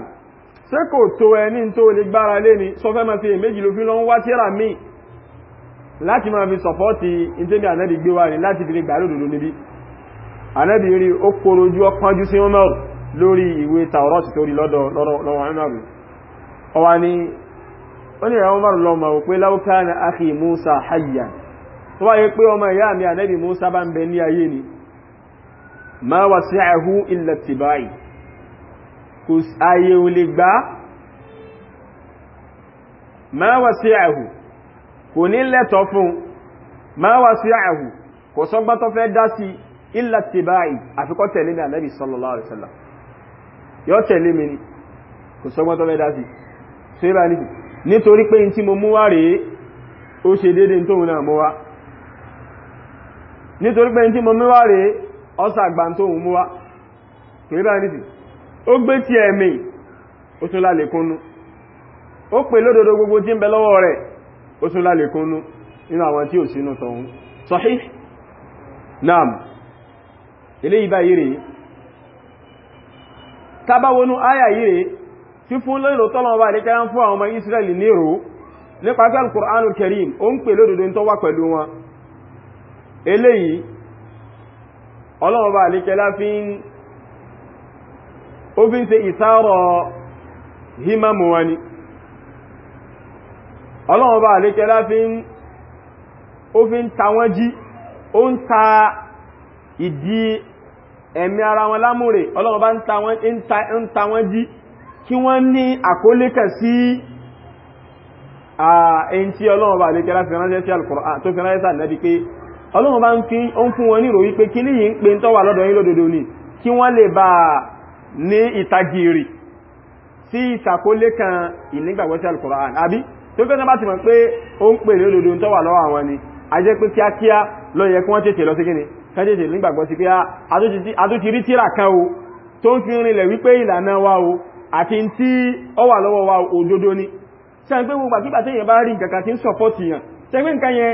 ṣé kò tó ẹni tó lè gbára lé ni sọ fẹ́ máa fi èméjì ló fi lọ ń wá tíra míì láti máa fi sọ̀pọ́tì ìtẹ́bí ànẹ́bì gbé wà ní láti fi lè gbà lódòdó níbi ànẹ́bì rí ó korojú ọpọ́njú sí Umar lórí ìwé tàọrọ́tì tó rí lọ́dọ̀ lọ́wọ́ kana akhi Musa hayyan tó wáyé pé ọmọ ìyá Musa bá ń bẹ ni ma wasi'ahu illa ittiba'i kò ayé ò lè gbá ma wasi'ahu kò ní lẹ́tọ̀ fún ma wasi'ahu kò sọ́gbọ́n tó fẹ́ dá sí illa ittiba'i àfikọ́ tẹ̀lé ní Ànábì sallallahu alaihi wasallam yóò tẹ̀lé mi ni kò sọ́gbọ́n tó fẹ́ dá sí ṣe bá ní nítorí pé in tí mo ọsọ agba ń mú wá pé bá nìdí ó gbé tí ẹ̀mí ó tún lálẹ́kúnnú ó pè gbogbo tí ń bẹ lọ́wọ́ rẹ̀ ó tún na nínú àwọn tí ò sínú tọ̀hún sahih naam ilé ibá yìí tabawonu yìí tí fún fún àwọn ọmọ nírò nípa ó ń pè ọlọ́run bá àlékẹ́lá fi ń ó fi ń ṣe ìsáàrọ̀ hímàmù wọn ni ọlọ́run bá àlékẹ́lá fi ń ó fi ń ta wọ́n jí ó ń ta ìdí ẹ̀mí ara wọn lámúrè ọlọ́run bá ń ta wọ́n jí kí wọ́n ní àkólékẹ̀ sí ẹ̀yìn tí ọlọ́run bá àlékẹ́lá fi ránṣẹ́ sí al ọlọ́run bá ń fi ó ń fún wọn ní ìròyìn pé kí ní yìí ń pe ń tọ́wà lọ́dọ̀ yín lódodo ni kí wọ́n lè bá ní ìtagìrì sí ìsàkólé kan ìnígbàgbọ́ sí Al-Qur'an àbí tó pé tán bá ti mọ̀ pé ó ń pè ní lódodo ń tọ́wà lọ́wọ́ àwọn ni ah, wa o àti tí ó wà lọ́wọ́ wa òdodo ni ṣe ń pé gbogbo àkígbà tí èèyàn bá rí nǹkan tí ń sọpọ́tì yàn ṣe pé nǹkan yẹn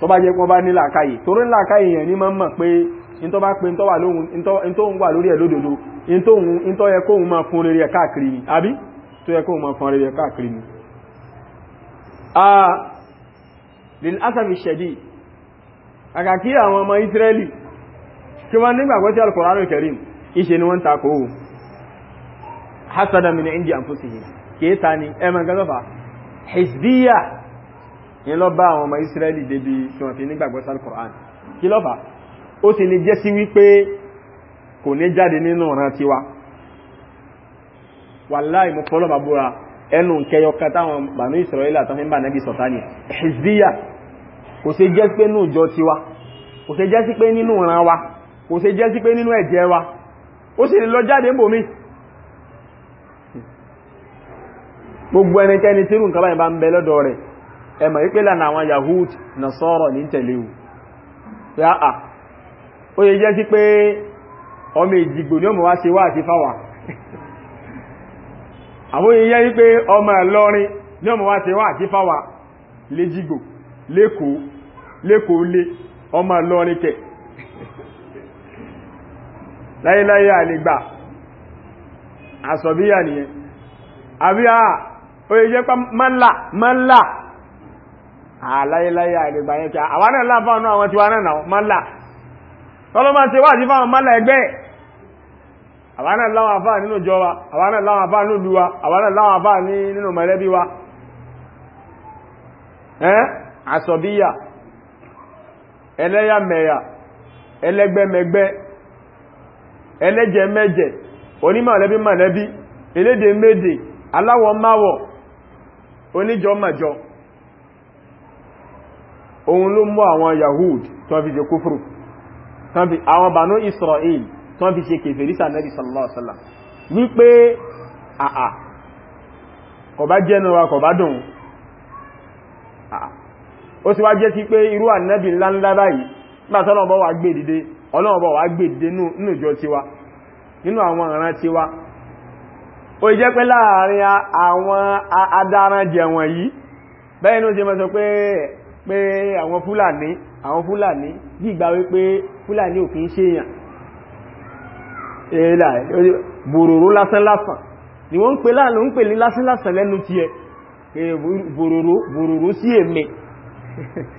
tó bá jẹ́ pọ́n bá ní làákàyè torí làákàyè yẹn ní máa ń mọ̀ pé ìntọ́ bá pé ìntọ́ wà lórí ẹ̀ lódodo ìntọ́ yẹ kóhun máa fún rere káàkiri ni àbí tó yẹ kóhun máa fún rere ni ṣẹ̀dì àkàkí àwọn ọmọ Israeli kí wọ́n nígbàgbọ́ al-Qur'an ni wọ́n hasada ni ẹmọ ń lọ bá àwọn ọmọ Ísírẹ́lì débi tí wọ́n fi nígbàgbọ́ sí Al-Qur'an kí ló fà ó sì ní jẹ́ sí wípé kò ní jáde nínú ọ̀ràn tiwa wàláì mo fọ́lọ́ bàbúra ẹnu nkẹyọ kan táwọn bànú Ísírẹ́lì àtọ́ fi ń bà nẹ́bí sọ̀tánì ẹ̀hìzíyà kò ṣe jẹ́ sí pé nínú ìjọ tiwa kò ṣe jẹ́ sí pé nínú ọ̀ràn wa kò ṣe jẹ́ sí pé nínú ẹ̀jẹ̀ wa ó sì lè lọ jáde mbòmí gbogbo ẹnikẹ́ni tí irú nǹkan báyìí bá ń bẹ lọ́dọ̀ rẹ̀ ẹmọ̀ ìpẹ́lẹ̀ na àwọn yahood na sọ́rọ̀ ní ya a ó yẹ jẹ́ sí pé ọmọ ìjìgbò ní ọmọ wá ṣe wá àti fáwà àwọn yẹ jẹ́ sí pé ọmọ ẹ̀lọrin ní ọmọ wá ṣe wá àti fáwà léjìgbò lẹ́kọ̀ọ́ lẹ́kọ̀ọ́ lé ọmọ ẹ̀lọrin kẹ̀ àláyéláyé àìlègbà yẹn kí àwọn náà láàfà náà àwọn tiwa náà mọ́là tọ́lọ́ máa ṣe wáàdí fáwọn mọ́là ẹgbẹ́ àwọn náà láwọn àfà nínú ìjọ wa àwọn náà láwọn àfà nílùú wa àwọn náà láwọn àfà nínú mọ̀lẹ́bí wa ẹ́n àsọ̀bíyà ẹlẹ́yàmẹ̀yà ẹlẹ́gbẹ́mẹgbẹ́ ẹlẹ́jẹmẹ́jẹ onímọ̀lẹ́bí mọ̀lẹ́bí elédèmédè aláwọ̀ máwọ̀ oníjọ mọ̀jọ òun ló mú àwọn yahood tán fi ṣe kúfùrù àwọn bànú israel tán fi ṣe kèfèrísà nẹ́bí sallallahu alaihi wasallam wípé àà kọ̀bá jẹ́nu wa kọ̀bá dùn ó sì wá jẹ́ sí pé irú ànẹ́bí ńláńlá báyìí nígbàtí ọlọ́run bọ́ wà gbé dìde ọlọ́run bọ́ wà gbé dìde nínú ìjọ jẹ́ pé láàrin àwọn adarajẹ̀ wọ̀nyí bẹ́ẹ̀ ni ó ṣe mọ́ sọ pé pé àwọn fúlàní àwọn fúlàní bí ìgbà wípé fúlàní ò kí ń ṣe èèyàn bòròró lásán lásán ni wọ́n ń pè láàrín ń pè ní lásán lásán lẹ́nu ti ẹ bòròró bòròró sí èmì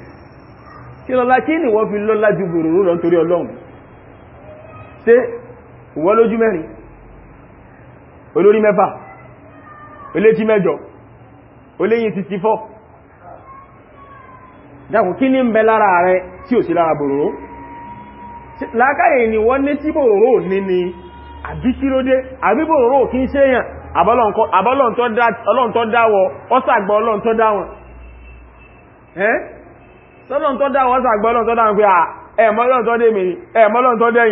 <laughs> kí lọ́lá kí ni wọ́n fi lọ́lá ju bòròró lọ nítorí ọlọ́run ṣé ìwọ lójú mẹ́rin olórí mẹ́fà eléjì mẹ́jọ oléyìn 64 dákùn kí ní ń bẹ lára rẹ tí ò sí lára bòròró lákàyè ni wọ́n ní tí bòròró ní ni àbí àbí kí ń ṣe èyàn àbọ́lọ́ntọ́ dáwọ ọ́sàgbọ́ ọlọ́ntọ́ dáwọn dáwọ ọ́sàgbọ́ ọlọ́ntọ́ dáwọn pé ẹ̀mọ́lọ́ntọ́ dé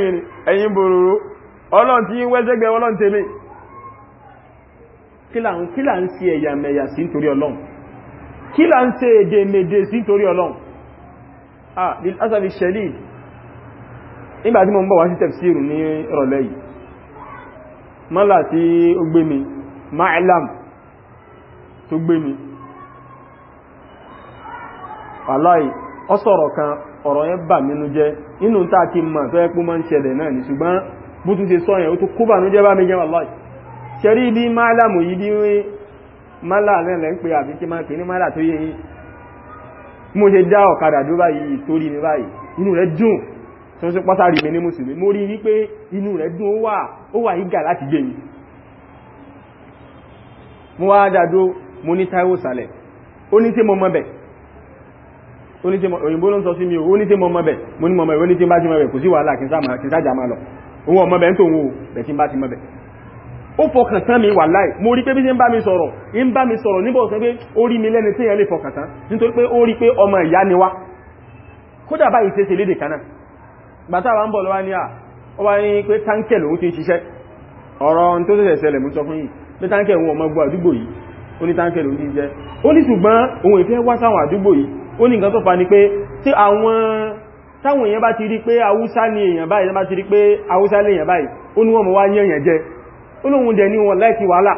ẹ̀mọ́lọ́ntọ́ kí là ń ṣe èdè mèdè sí torí ọlọ́run ah lil asabi shadid nígbà tí mo bọ̀ wá sí tafsiru ní ìrọ̀lẹ́ yìí mi ma'ilam tó gbé mi aláì ọ sọ̀rọ̀ kan ọ̀rọ̀ yẹn bà mínú jẹ́ inú tàà kí mọ̀ tó ẹ́pù mọ́ ń ṣẹlẹ̀ náà ní ṣùgbọ́n bú tún ṣe sọ́yẹ̀ ó tó kúbà jẹ́ ma'ilam yìí mọ́là náà lẹ́ ń pe àbí kí máa pè ní mọ́là tó yé yín mo ṣe dá ọ̀kadà dó báyìí torí mi báyìí inú rẹ̀ dùn tó ṣe pọ́sárì mi ní mùsùlùmí mo rí wípé inú rẹ̀ dùn ó wà ó wà ìgà láti gbé mi mo wá dàdó mo ní Táíwò sàlẹ̀ ó ní tí mo mọ́ bẹ̀ òyìnbó ló ń sọ sí mi ó ní tí mo mọ́ bẹ̀ mo ní mọ́ bá ti mọ́ bẹ̀ kò sí wàhálà kí n sájà máa lọ òun ọmọ bẹ̀ ń tòun ò bẹ̀ tí bá ti mọ́ bẹ̀ ó fọkàn tán mi wàláhì mo rí pé bí ṣe ń bá mi sọ̀rọ̀ ń bá mi sọ̀rọ̀ níbọ̀ sọ pé ó rí mi lẹ́ni tí èèyàn lè fọkàn tán nítorí pé ó rí pé ọmọ ìyá ni wá kódà báyìí ṣe ṣe léde kanáà bàtà wa ń bọ̀ lọ́wọ́ ní à ó wá ní pé táńkẹ̀ lòun ti ń ṣiṣẹ́ ọ̀rọ̀ tó ṣẹ̀ṣẹ̀ ṣẹlẹ̀ mú sọ fún yìí pé táńkẹ̀ òun ọmọ gbọ́ àdúgbò yìí ó ní táńkẹ̀ lòun ti ń táwọn èèyàn bá ti rí pé haúsá ni èèyàn báyìí ó ní wọ́n mọ̀ wá yẹ̀yàn jẹ olóhun dẹ̀ ní wọ̀n láìsí wàhálà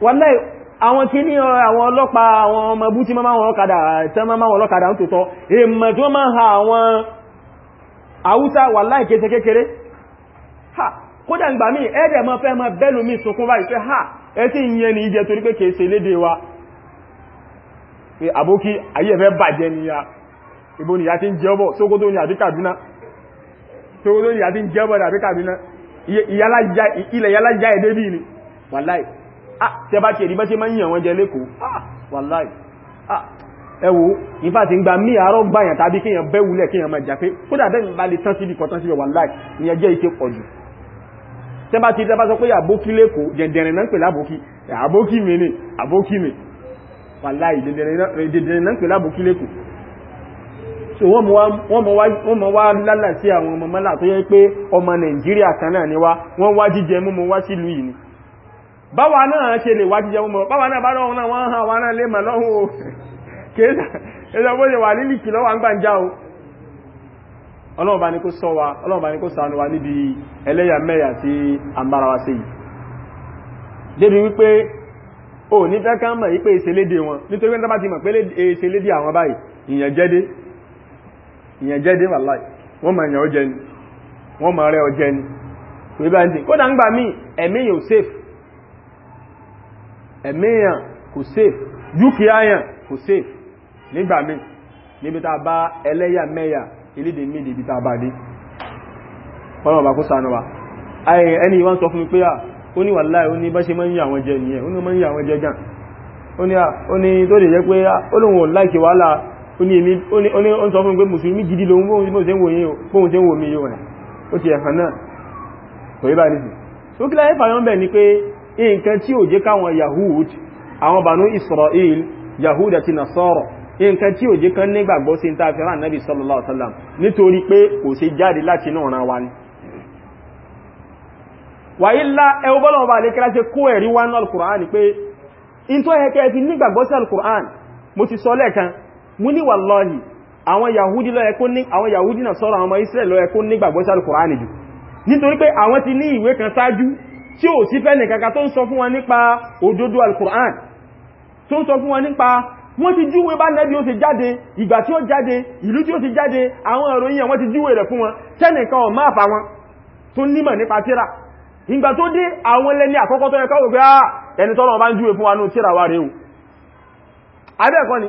wàláì àwọn tí ní àwọn ọlọ́pàá àwọn ọmọ ẹbú tí máa wọn ọlọ́kadà tẹ́ máa wọn ọlọ́kadà ń tòótọ́ èèmọ̀ tí wọ́n máa ha àwọn Haúsá wàláì kéte kékeré ha kódà ìgbà míì ẹ́dẹ̀ mọ́ fẹ́ mọ́ bẹ́lù mí sunkún báyìí pé ha ẹ tí ìyẹn ni ìjẹ torí pé kèé ṣe lédè wa pé àbókí ayé ẹ̀fẹ́ bàjẹ́ ni ya ìbò ni ya ti ń jẹ́bọ̀ Sókótó ni àbí ilẹ̀ yálàjá èdè bí ni wàláì ah, tẹbá ti ẹ̀dí bá ṣe máa ń yàn wọn jẹ lẹ́kọ̀ọ́ wàláì ẹwò ìfà ti ń gba mí àárọ̀ gbàyàn tàbí kíyàn bẹ́wulẹ̀ kíyàn máa jàpé kódà bẹ́ẹ̀ bá lè tán síbi kọ̀tán síbi wàláì ni ẹjẹ́ ìṣe pọ̀jù tẹbá ti tẹbá sọ pé àbókí lẹ́kọ̀ọ́ jẹ̀dẹ̀rẹ̀ náà ń pè lábókí àbókí so wọ́n mọ̀ wá lálà sí àwọn ọmọ mọ́lá tó yẹ pé ọmọ nàìjíríà kan náà ni wá wọ́n wá jíjẹ mú mọ́ wá sílùú yìí ni báwa náà ṣe lè wá jíjẹ mú mọ́ báwa náà bá lọ́wọ́ náà wọ́n hàn wá náà lè mọ̀ lọ́hùn o <laughs> kéèsà bó ṣe wà nílì kì lọ́wọ́ àgbàǹjá o ọlọ́run bá ní kó a ń bára mọ̀ wípé ìṣelédè wọn nítorí pé ń ti mọ̀ pé ìṣelédè àwọn báyìí ìyẹn ìyẹn jẹ́ dé wàláì wọ́n máa yàn ọjẹ́ ni wọ́n máa rẹ ọjẹ́ ni pé bá ń dì kódà ń gbà mí ẹ̀mí yàn safe ẹ̀mí yàn kò safe dúkìá yàn kò safe nígbà mí níbi tá a bá ẹlẹ́yàmẹ̀yà elédè mí níbi tá a bá dé ọlọ́run bá kó sànú wa ẹni wọ́n sọ fún mi pé à ó ní wàláì ó ní bá ṣe máa ń yà àwọn jẹ nìyẹn ó ní máa ń yà àwọn jẹ gan ó ní tó lè jẹ́ pé ó lóun ò láìkè wàhálà onye ní èmi ó ń sọ fún pé mùsùlùmí gidi lòun bóhun ṣe ń wò mí yóò rẹ̀ ó ti ẹ̀hàn náà kò yíbá nìsìn tó kí láyé fàyọ́ bẹ̀ ni pé nǹkan tí ò jẹ́ Yahud àwọn Banu Israel Yahud kan nígbàgbọ́ sí ta fi nítorí pé kò jáde láti wa ni wàyí ńlá ẹwọ́ ọba àlékẹ́lá ṣe kó ẹ̀rí wá náà al pé ti nígbàgbọ́ sí al mú ní wàlọ́hì àwọn yahudi ló yẹ kó ní àwọn yahudi náà sọ́rọ̀ àwọn ọmọ israel ló yẹ kó nígbàgbọ́ sí alukùránì jù nítorí pé àwọn ti ní ìwé kan ṣáájú tí ò sí fẹ́ni kankan tó ń sọ fún wọn nípa òdodo alukùrán tó ń sọ fún wọn nípa wọ́n ti júwe bá nẹ́bí ó ti jáde ìgbà tí ó jáde ìlú tí ó ti jáde àwọn ìròyìn àwọn ti júwe tó dé àwọn ẹlẹ́ni àkọ́kọ́ tó yẹ káwò pé ah, ẹni tọ́lọ̀ bá ń júwe fún wa ní tíra rẹ̀ o abẹ́ẹ̀kọ́ ni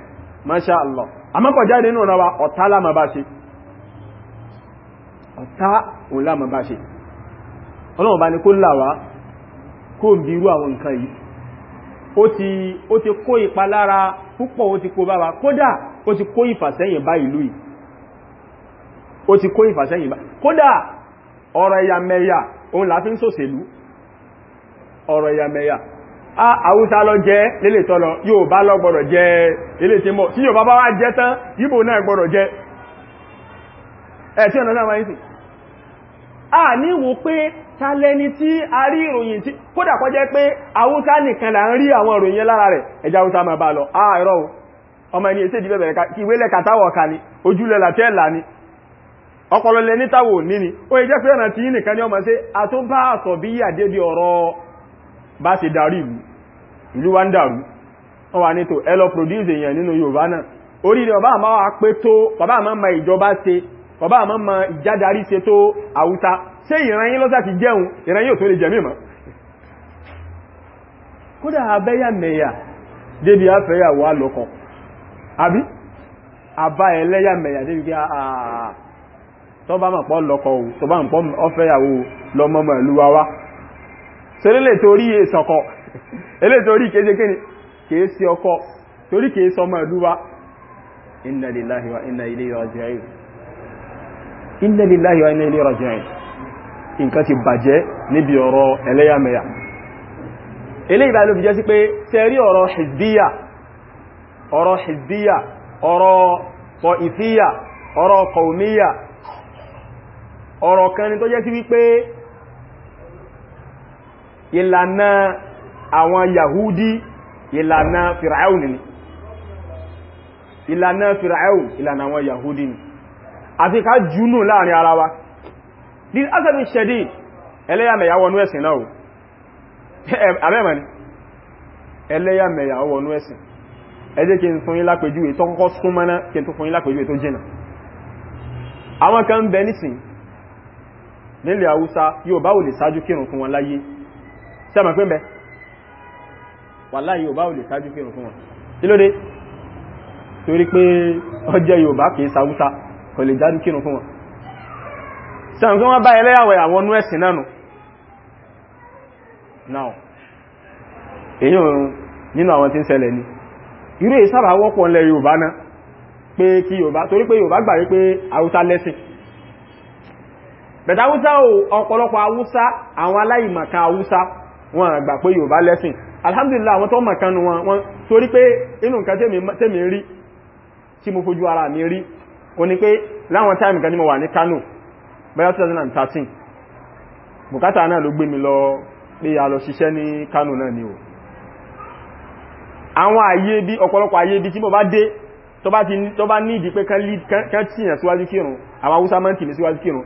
masha Allah àmọ́kọ̀ jáde nínú ọ̀nà wa ọ̀tá lámà bá ṣe ọ̀tá òun lámà bá ṣe ọlọ́run bá ní kó láwá kó ń bí irú àwọn nǹkan yìí ó ti ó ti kó ìpalára púpọ̀ ó ti kó bá wa kódà ó ti kó ìfàsẹ́yìn bá ìlú yìí ó ti kó ìfàsẹ́yìn bá kódà ọ̀rọ̀ ẹ̀yàmẹ̀yà òun la ń ṣòṣèlú ọ̀rọ̀ ẹ̀yàmẹ̀yà àwúsá lọ jẹ́ lélè tọ́lọ yóò bá lọ gbọ́dọ̀ jẹ́ lélè tí mọ̀ tí yóò bá bá wá jẹ́ tán yíbò náà gbọ́dọ̀ jẹ́ ẹ̀ tí ọ̀nà sáwọn ìsìn a ní wo pé tàlẹni tí a rí ìròyìn tí kódà kò jẹ́ pé àwúsá nìkan là ń rí àwọn ìròyìn lára rẹ̀ ẹjá àwúsá máa bá lọ ààrọ̀ ọmọ ẹni èsè ìdíbẹ̀ bẹ̀rẹ̀ kí ìwélẹ̀ kàtàwọ̀ kà ní ojúlẹ̀ làtẹ́ẹ̀lá ni ọpọlọlẹ̀ nítàwò ní ni ó yẹ jẹ́ pé ọ̀nà tí nìkan ní ọmọ sí àtúbà àsọ̀bíyà débi ọ̀rọ̀ bá ṣe darí ìlú ìlú wa ń dàrú wọ́n wà ní tó ẹlọ produce èèyàn nínú Yorùbá náà oríire ọba àmọ́ wa pé tó bàbá àmọ́ ma ìjọba ṣe bàbá àmọ́ ma ìjádarí ṣe tó àwúta ṣé ìran yín lọ́sà ti jẹun ìran yóò tó lè jẹ̀mí mọ́ kódà abẹ́yà mẹ́yà débi afẹ́yàwó alọ́kọ̀ àbí àbá ẹlẹ́yà débi kí àà tọ́bá lọ́kọ̀ sori le tori ye sɔkɔ ele tori keze kene kesi ɔkɔ tori kesi ɔmɔ ɛduba inalilahi wa inaili rajai inalilahi wa inaili rajai nkan ti bajɛ níbi ɔrɔ ɛlɛyàmɛya ele yi ba lo fi jɛ si pe sɛri ɔrɔ hizbiya ɔrɔ hizbiya ɔrɔ fɔifiya ɔrɔ kɔmiya ɔrɔ kan ni tɔjɛ si wi ìlànà àwọn yahudi ìlànà fìràún ni ìlànà fìràún ìlànà àwọn yahudi ni àti ká jùnù láàrin ara wa ní asẹ́bí ṣẹ́dí ẹlẹ́yàmẹ̀yà wọnú ẹ̀sìn náà abẹ́mọ̀ ni ẹlẹ́yàmẹ̀yà wọnú ẹ̀sìn ẹ jẹ́ kí n fún yín lápèjúwe tó kọ́kọ́ súnmọ́ná kí n tó fún yín lápèjúwe tó jìnà àwọn kan bẹ nísìn nílẹ̀ Haúsá yóò báwò lè sáájú kírùn fún wọn láyé sí àmà pín bẹ wàlá Yorùbá ò lè sáájú pé òun fún wọn tí ló dé torí pé ọjọ́ Yorùbá kìí sáwúsá kò lè jáde kírun fún wọn sí pín wọ́n bá ẹlẹ́yàwó àwọn nú ẹ̀sìn náà nù now nínú àwọn tí ń ṣẹlẹ̀ ni irú ìsára wọ́pọ̀ ńlẹ̀ Yorùbá náà pé kí Yorùbá torí pé Yorùbá gbà wípé Haúsá lẹ́sìn bẹ̀tà Haúsá ò ọ̀pọ̀lọpọ̀ Haúsá àwọn aláìmọ̀ká Haúsá wọn àgbà pé Yorùbá lẹ́sìn alhamdulillah àwọn tó mọ̀ kan nu wọn torí pé inú nǹkan tèmi rí tí mo fojú ara mi rí o ní pé láwọn táìmù kan ní mo wà ní Kano bẹ́yà 2013 Bukata, náà ló gbé mi lọ pé a lọ ṣiṣẹ́ ní Kano náà ni o àwọn àyè bí ọ̀pọ̀lọpọ̀ àyè bí tí mo bá dé tó bá ní ìdí pé kán tíyàn síwájú kírun àwọn Haúsá máa ń tì mí síwájú kírun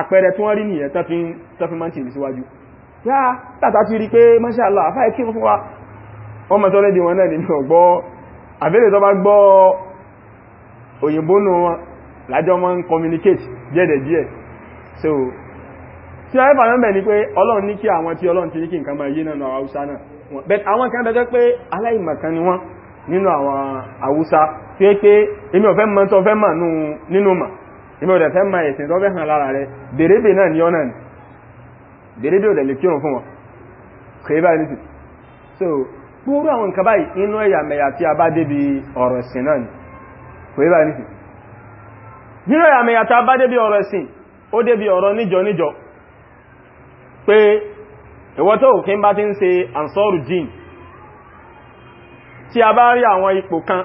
àpẹẹrẹ tí wọ́n rí nìyẹn tọ́fí máa ń tìrì síwájú yá tàtà ti rí pé mọ́ṣàlá àfáà kí fún wa wọ́n mọ̀ sọ́lẹ́dì wọn náà nínú ọgbọ́ àbẹ́lẹ̀ tó bá gbọ́ òyìnbó nù wọn lájọ́ mọ́ ń communicate díẹ̀dẹ̀ díẹ̀ so tí wọ́n fà lọ́mọ̀ ní pé ọlọ́run ní kí àwọn tí ọlọ́run ti ní kí nǹkan máa yé nínú àwọn haúsá náà but àwọn kan bẹ́jọ́ pé aláìmọ̀kan ni wọ́n nínú àwọn haúsá tí ó pé èmi ò fẹ́ mọ́ tó fẹ́ mọ̀ nínú ìmọ̀ òdẹ̀ fẹ́ ma ẹ̀sìn tó fẹ́ hàn lára rẹ̀ bèrèbè náà ni ọ́nà ni bèrèbè òdẹ̀ lè kírun fún wọn kò ibá ní sí so gbóòrò àwọn nǹkan báyìí inú ẹ̀yà mẹ̀yà tí a bá débi ọ̀rọ̀ ẹ̀sìn náà ni kò ibá ní sí nínú ẹ̀yà mẹ̀yà tí a bá débi ọ̀rọ̀ ẹ̀sìn ó débi ọ̀rọ̀ níjọ níjọ pé ìwọ tó òkín bá ti ń ṣe ansọ́rù jíìn tí a bá rí àwọn ipò kan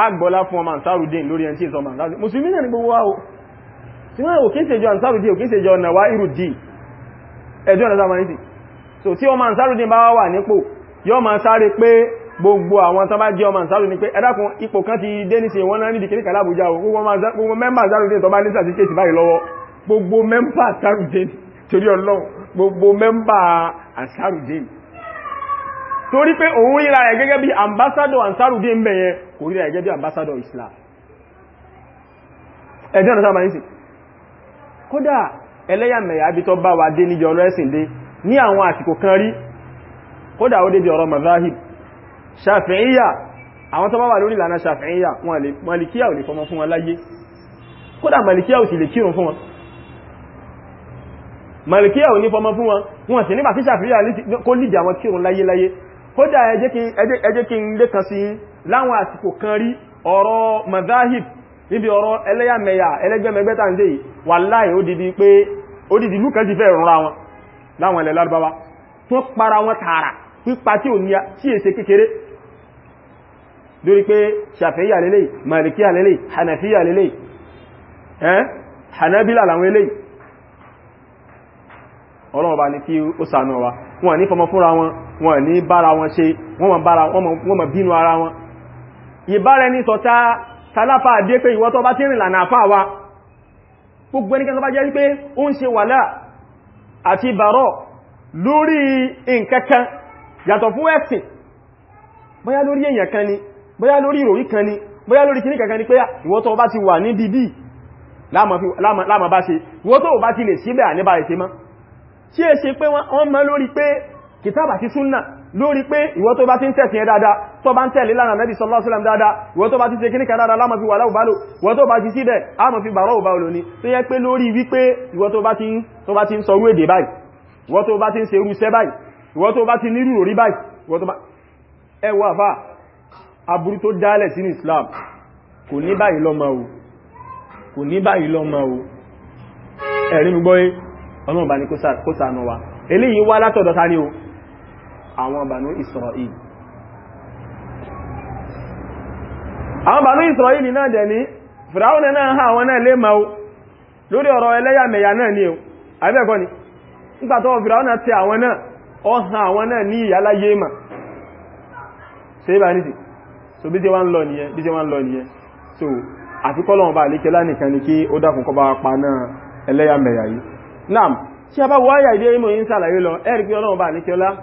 agbọ́lá fún ọmọ àǹsárùdín lórí ẹni tí ìsọmọ àǹsárùdín musulmi náà ni gbogbo wa o tí wọ́n òkín ṣe jọ àǹsárùdín òkín ṣe jọ ọ̀nà wá irú dì ẹjọ́ ọ̀nà sáwọn nítì so tí ọmọ àǹsárùdín bá wà nípò yóò máa sáré pé gbogbo àwọn tán bá jẹ́ ọmọ àǹsárùdín pé ẹ̀dàkùn ipò kan ti dé ní ṣe wọ́n náà nídìí kìríkà lábújá o gbogbo mẹ́mbà àǹsárùdín tó bá ní sàtíkẹ́tì báyìí lọ́wọ́ gbogbo mẹ́mbà àǹsárùdín torí ọlọ́run gbogbo mẹ́mbà àǹsárùdín torí pé òun ríra rẹ̀ gẹ́gẹ́ bí ambassador àǹsárùdín bẹ̀yẹn kò rí ẹ̀jẹ́ bí ambassador Islam ẹ̀jẹ́ ọ̀nà sáà máa ń sìn kódà ẹlẹ́yàmẹ̀yà bí tó bá wa dé níjọ ọ̀rọ̀ ẹ̀sìn dé ní àwọn àsìkò kan rí kódà ó débi ọ̀rọ̀ mazahib ṣàfihíyà àwọn tó bá wà lórí ìlànà ṣàfihíyà wọn malikiya ò lè fọmọ fún wọn láyé kódà malikiya ò sì lè kírun fún wọn malikiya ò ní fọmọ fún wọn wọn sì nígbà tí ṣàfihíyà kó lìdí àwọn kírun láyé láyé kí láwọn àsìkò kan rí ọ̀rọ̀ mazahib níbi ọ̀rọ̀ ẹlẹ́yàmẹ̀yà ẹlẹ́gbẹ̀mẹ̀gbẹ́ tà ń dé yìí wàláhì ó dìdí pé ó dìdí ìlú ti fẹ́ rọra wọn láwọn ilẹ̀ lárúbáwá tó para wọn tààrà pípa tí ò ní tí èsè kékeré lórí pé ṣàfẹ́yà maliki ní fọmọ fúnra wọn ní bára wọn ṣe ìbára ẹni sọ̀tá tàláfà àdé pé ìwọ tó bá tí rìnlànà àfà wa gbogbo ẹnikẹ́ tó bá jẹ́ wípé ó ń ṣe wàlá àti bàrọ̀ lórí nǹkankan yàtọ̀ fún ẹ̀sìn bóyá lórí èèyàn kan ni bóyá lórí ìròyìn kan ni bóyá lórí kìníkà kan ni pé ah, ìwọ tó bá ti wà ní bíbí láàmà bá ṣe ìwọ tó bá ti lè síbẹ̀ àníbà ìṣe mọ́ lórí pé ìwọ tó bá ti ń tẹ̀sìn ẹ dáadáa tó bá ń tẹ̀lé lánàá Nabi sallallahu alaihi wasallam dáadáa ìwọ tó bá ti ṣe kíní kan dáadáa láàmà fi wà láwùbálò ìwọ tó bá ti sí bẹ̀ àmà fi bàrọ̀ òbálò ní tó yẹ pé lórí wípé ìwọ tó bá ti ń sọrú èdè báyìí ìwọ tó bá ti ń ṣerú iṣẹ́ báyìí ìwọ tó bá ti nírú orí báyìí ìwọ tó bá ẹ wà Islam kò ní báyìí lọ́mọ o kò ní báyìí lọ́mọ o ẹ̀rí wa eléyìí wá látọ̀dọ̀ ta ni o àwọn bànú Israel àwọn bànú Israel náà jẹ ní fìràún náà ha àwọn náà lè máa lórí ọ̀rọ̀ ẹlẹ́yàmẹ̀yà náà ni o àbẹ́ẹ̀kọ́ ni nígbàtọ́ fìràún náà tẹ àwọn náà ọ hàn àwọn náà ní ìyáláyé mà ṣe bá so bí ṣe wá ń lọ nìyẹn so a bá wáyà ìdí lọ ẹ̀rì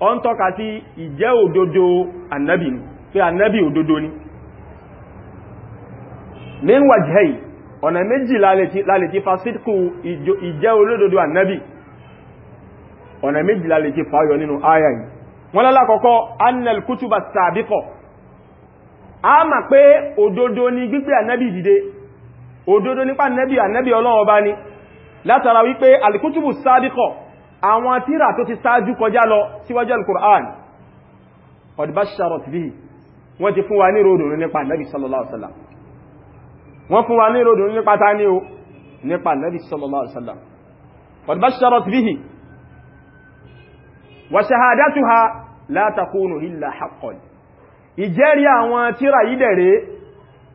ọ ń tọ́ka sí ìjẹ́ òdodo annabi ni pé annabi òdodo ni min wajhayi ọ̀nà méjì lálẹ̀ ti fa sídkù ìjẹ́ olódodo annabi ọ̀nà méjì lálẹ̀ ti fàáyọ nínú àyà yìí wọ́n lọ́lá kọ́kọ́ annal kútùbà sàbíkọ̀ a mà pé òdodo ni gbígbé annabi dìde òdodo nípa annabi annabi ọlọ́wọ́ bá ni látara wípé alìkútùbù sàbíkọ̀ àwọn tíra tó ti sáájú kọjá lọ síwájú al-Qur'an ọdíbá ṣarọ̀t bí wọ́n ti fún wa ní ròdùn nípa nabi sallallahu alaihi wasallam wọ́n fún wa ní ròdùn nípa ta ní o nípa nabi sallallahu alaihi wasallam ọdíbá ṣarọ̀t bí wa shahadatuha la takunu illa haqqan ìjẹ́rí àwọn tíra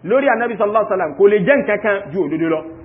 sallallahu alaihi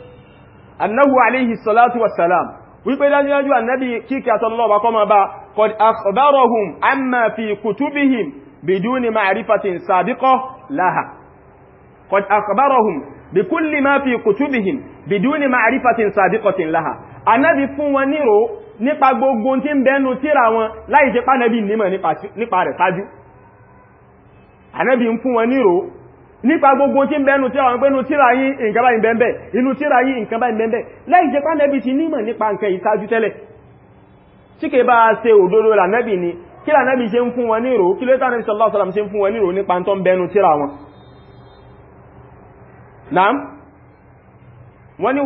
annahu alayhi salatu wassalam wípé dájúdájú annabi kíkẹ́ àtọ́lọ́wà kọ́ ma bá qad akhbarahum amma fi kutubihim biduni ma'rifatin sabiqa laha qad akhbarahum bi kulli ma fi kutubihim biduni ma'rifatin sabiqatin laha annabi fún wọn nírò nípa gbogbo tí ń bẹnu tíra wọn láì jẹ́ pánabi nímọ̀ nípa rẹ̀ sáájú annabi ń fún wọn nírò nípa gbogbo tí ń bẹ́nu tí àwọn pẹ́nu tíra yí nǹkan báyìí bẹ́ẹ̀ inú tíra yí nǹkan báyìí bẹ́ẹ̀ láì jẹ́ pá nẹ́bí ti nímọ̀ nípa nǹkan ìsájú tẹ́lẹ̀ tí kè bá ṣe òdodo se ni kí lànẹ́bì ṣe ń fún wọn nírò kí lẹ́tà nẹ́bì sallallahu alaihi wasallam ṣe ń fún wọn nírò nípa tó ń bẹ́nu tíra wọn naam wọ́n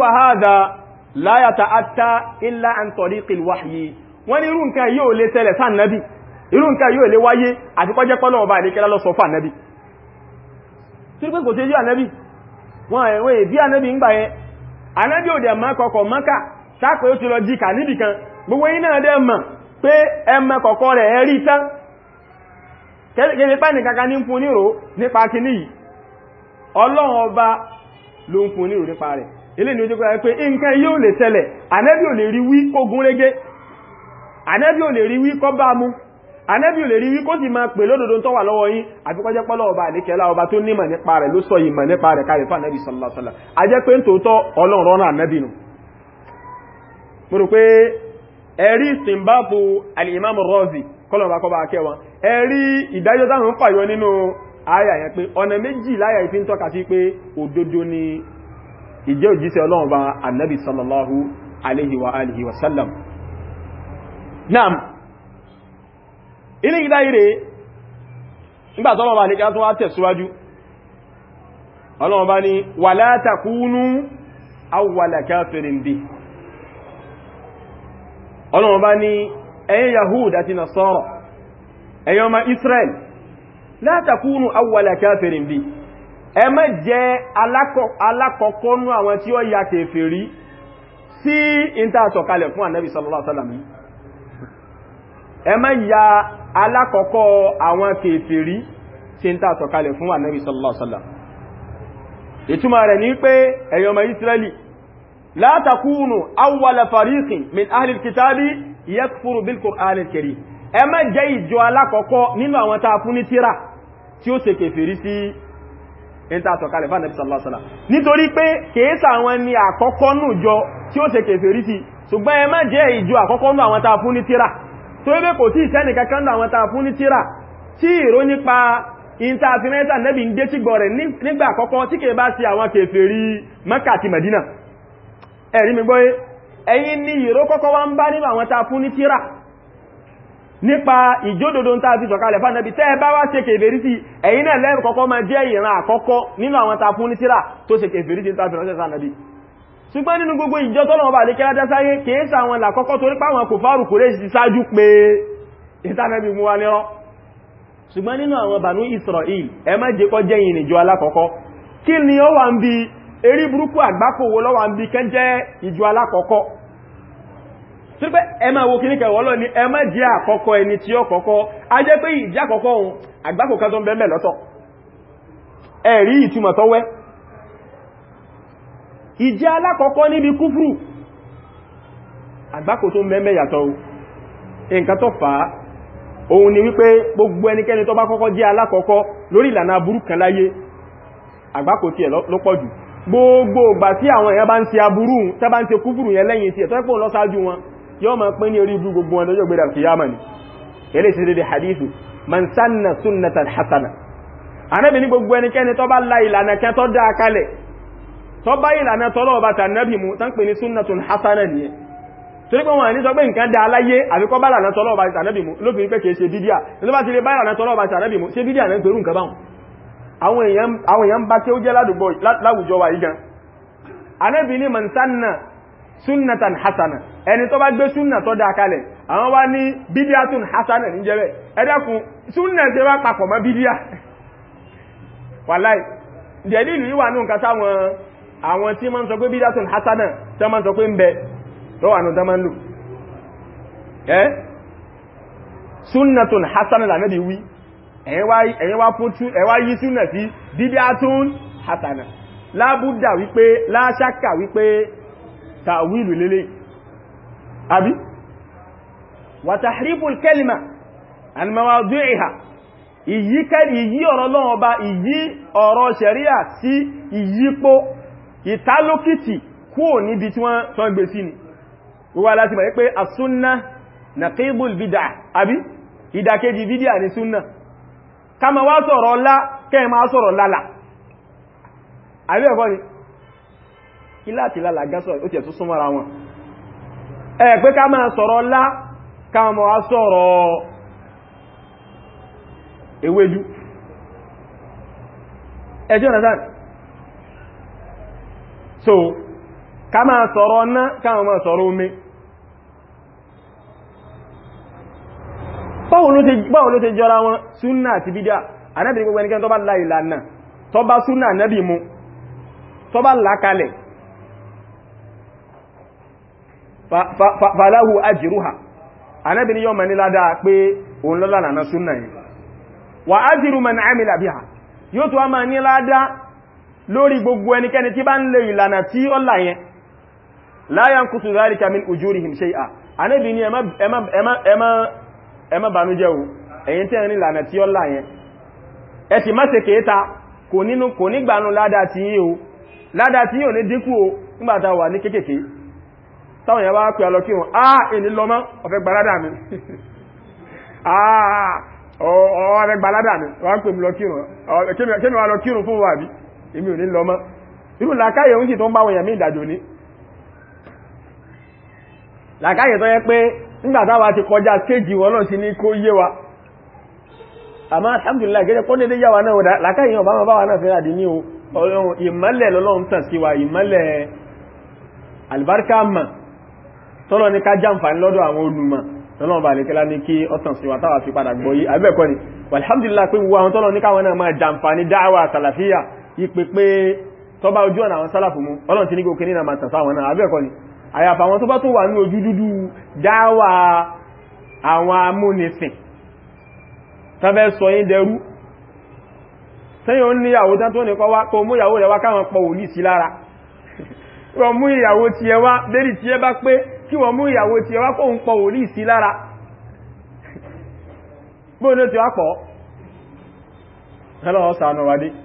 tẹ́lẹ̀ tí pé kò ṣe yí ànábì wọn ẹ̀wẹ́ eh, ìbí ànábì ń gbà yẹn ànábì ò dẹ̀ má kọkọ̀ mọ́kà sápẹ́ ó ti lọ jíkà níbì kan gbogbo yín náà dẹ̀ mọ̀ pé ẹmọ kọ̀kọ́ rẹ̀ ẹ̀rí tán kẹ́lẹ̀ pẹ́ nìkaka ní fún nírò nípa kìíní yìí ọlọ́run ọba ló ń fún nírò nípa rẹ̀ ilé ni ó jẹ́ pé nǹkan yóò lè ṣẹlẹ̀ ànábì ò lè rí wí kógún régé ànábì ò lè rí wí kọ́ bá mú anebi ò lè rí wíkó sì máa pè lódòdó tó wà lọ́wọ́ yín àbíkọ́jẹ́ pọ́lọ̀ ọba àlékẹ́lá ọba tó nímọ̀ nípa rẹ̀ ló sọ ìmọ̀ nípa rẹ̀ kalẹ̀ fún anẹ́bí sọlọ́sọlọ́ a jẹ́ pé ń tòótọ́ ọlọ́run rọ́nà anẹ́bí nù mo rò pé ẹ̀rí ìsìnbábu alìmáàmù rọ́ọ̀zì kọ́lọ̀ ninu kọ́ba ilé ìdáyìrè nígbàtọ́lọ́wà ní kí wá tẹ̀síwájú ọlọ́wà ní wala takunu awwala kafirin bi ọlọ́wà ní ẹ̀yin Yahud àti Nasara ẹ̀yin ọmọ Israel la takunu ẹ má jẹ́ alákọ̀ọ́kọ́nú àwọn tí ó ya kèfèrí sí ìntàṣọ̀kalẹ̀ fún ànábì sallallahu alaihi wasallam ya alákọ̀ọ́kọ́ àwọn kèfèrí tí ń tàtọ̀kalẹ̀ fún ànábì sallallahu alaihi wasallam ìtumọ̀ rẹ̀ ní pé ẹ̀yin ọmọ Israeli la takunu awwala fariqin min ahli alkitabi yakfuru bilqur'ani alkarim ẹ má jẹ́ ìjọ alákọ̀ọ́kọ́ nínú àwọn tá a fún ní tírà tí ó ṣe kèfèrí sí ń tàtọ̀kalẹ̀ fún ànábì sallallahu alaihi wasallam nítorí pé kèésà àwọn ni àkọ́kọ́ nù jọ tí ó ṣe kèfèrí sí ṣùgbọ́n ẹ má jẹ́ ìjọ àkọ́kọ́ nínú àwọn tá a fún ní tó ébé kò tí ise kankan ní àwọn tàà fún ní tíra tí ìró nípa intanẹ́tà nẹ́bí ń gé tígbọ̀ rẹ̀ nígbà àkọ́kọ́ tí kèé bá sí àwọn kèfèrí Mẹ́kà àti Mẹ̀dínà ẹ̀rí mi gbọ́yé ẹ̀yin ni ìró kọ́kọ́ wá ń bá nínú àwọn tàà ní tíra ṣùgbọ́n nínú gbogbo ìjọ tọ́lọ̀wọ́ bà lè kẹ́lá dásáyé kèéṣà àwọn làkọ́kọ́ torí pàwọn kò fárù kò lè sí sáájú pé ìtànàbí mú wa nírọ́ ṣùgbọ́n nínú àwọn bànú Israel ẹ má jẹ́ kó jẹ́ ìrìnjọ alákọ̀ọ́kọ́ kí ni ó wà ń bi erí burúkú àgbákòwò lọ́wà ń bi kẹ́ jẹ́ ìjọ alákọ̀ọ́kọ́ tí pé ẹ máa wo kíníkẹ̀ ni ẹ má jẹ́ àkọ́kọ́ ẹni tí ó kọ́kọ́ a jẹ́ pé ìjẹ́ àkọ́kọ́ ohun àgbákò tó ń bẹ́ẹ̀ lọ́tọ̀ ẹ̀rí ìtumọ̀ tọ́wẹ́ ìjẹ́ alákọ̀ọ́kọ́ níbi kúfùrù àgbákò tó mẹ́mẹ́ yàtọ̀ nǹkan tó fà òun ni wípé gbogbo ẹnikẹ́ni tó bá kọ́kọ́ jẹ́ alákọ̀ọ́kọ́ lórí ìlànà aburú kan láyé àgbákò tiẹ̀ ló pọ̀ jù gbogbo ìgbà tí àwọn èèyàn bá ń ṣe aburú tẹ́ bá ń ṣe kúfùrù yẹn lẹ́yìn tiẹ̀ tó pọ̀ lọ sáájú wọn yóò máa pín ní orí ibú gbogbo wọn lọ́jọ́ gbéra kìyàmà ni eléyìí sí dédé hadithu man sanna sunnatan hasana anábìnrin gbogbo ẹnikẹ́ni tó bá la ìlànà kan tó dáa kalẹ̀ tó bá ìlànà tọ́lọ́ ọba tànàbì mú tán pè ní sunnatun hasana nìyẹn torí pé wọn ní sọ pé nǹkan dá aláyé àbíkọ́ bá ìlànà tọ́lọ́ ọba tànàbì mú lófin pé kìí ṣe bídíà tó bá ti lè bá ìlànà tọ́lọ́ ọba tànàbì mú ṣe bídíà náà torí nǹkan báwọn àwọn èèyàn bá tí ó jẹ́ ládùúgbò láwùjọ wa igan anábì ní man sanna sunnatan hasana ẹni tó bá gbé sunna tó dá kalẹ̀ àwọn wá ní <laughs> nǹkan táwọn àwọn tí ma ń sọ pé bídátùn hasana tí ma ń sọ pé ń bẹ tó wà nù tán ma ń lò ẹ́ sunnatun hasana lànàbí wí ẹ̀yẹn wá yí súnà sí bídátùn hasana lábúdà wípé láṣákà wípé tàwílù lélẹ̀ àbí wa tahriful kalima an mawadhi'iha ìyí ọ̀rọ̀ lọ́wọ́ bá ìyí ọ̀rọ̀ ṣẹ̀ríà sí ìyípo ìtálókìtì kúò níbi tí wọ́n tán gbé sí ni wíwá láti mọ̀ pé na kébùl bídà àbí ìdàkejì bídà ní súnná ká ma wá sọ̀rọ̀ ọlá kẹ́ ma sọ̀rọ̀ lálà àbí ẹ̀kọ́ ni ilá àti lálà gásọ̀ ó tẹ̀ tún súnmọ́ra so ká máa sọ̀rọ̀ ọ̀nà káwọn máa sọ̀rọ̀ omi ló ti jọra wọn súnà àti bídá anábì gbogbo ẹnikẹ́ni tó bá la ìlànà tó bá súnà nábì mu tó bá làkalẹ̀ fàláhù ha anábì ni yọ mọ̀ ládá pé òun lọ́lá ha lórí gbogbo ẹnikẹ́ni tí bá ń lè ìlànà tí ó là yẹn la yanqusu dhalika min ujurihim shay'a Ànábì ní ẹ má bànújẹ́ o ẹ̀yin tẹ́ ní ìlànà tí ó là yẹn ẹ sì má ṣe kéta kò ní gbanú ládá tí yí o ládá tí yí ò ní dínkù o nígbàtà wà ní kékèké táwọn yẹn bá pè ọ lọ kí wọn ah èmi lọmọ ọ̀fẹ́ gbaládà mi ah <laughs> lọ kírun kémi fún wa bí èmi ò ní lọ mọ́ irú làkáyè oúnjẹ tó ń bá wọn yẹ̀mí ìdàjò ní làkáyè tó yẹ pé nígbàtàwà ti kọjá kéjì wọn náà sí ní kó yé wa àmá alhamdulillah gẹ́gẹ́ kọ́ dédé yàwà náà làkáyè yàn bá wọn bá wọn náà fẹ́ràn àdíní o ọlọ́run ìmọ́lẹ̀ lọ́lọ́run tàn sí wa wa táwà fi padà gbọ́ yí ni alhamdulillah pé ìpè pé tó bá ojú ọ̀nà àwọn sálàfù mú ọlọ́run ti ní gòkè nínú àmàtà sáwọn náà abẹ́ẹ̀kọ́ ni àyàfà àwọn tó bá tó wà ní ojú dúdú dáwà àwọn amúnisìn tó fẹ́ sọ yín dẹrú tẹ́yìn ó ní ìyàwó tán tó ní kọ́ wá kó mú ìyàwó rẹ̀ wá káwọn pọ̀ wòlíì sí lára <laughs> wọ́n <laughs>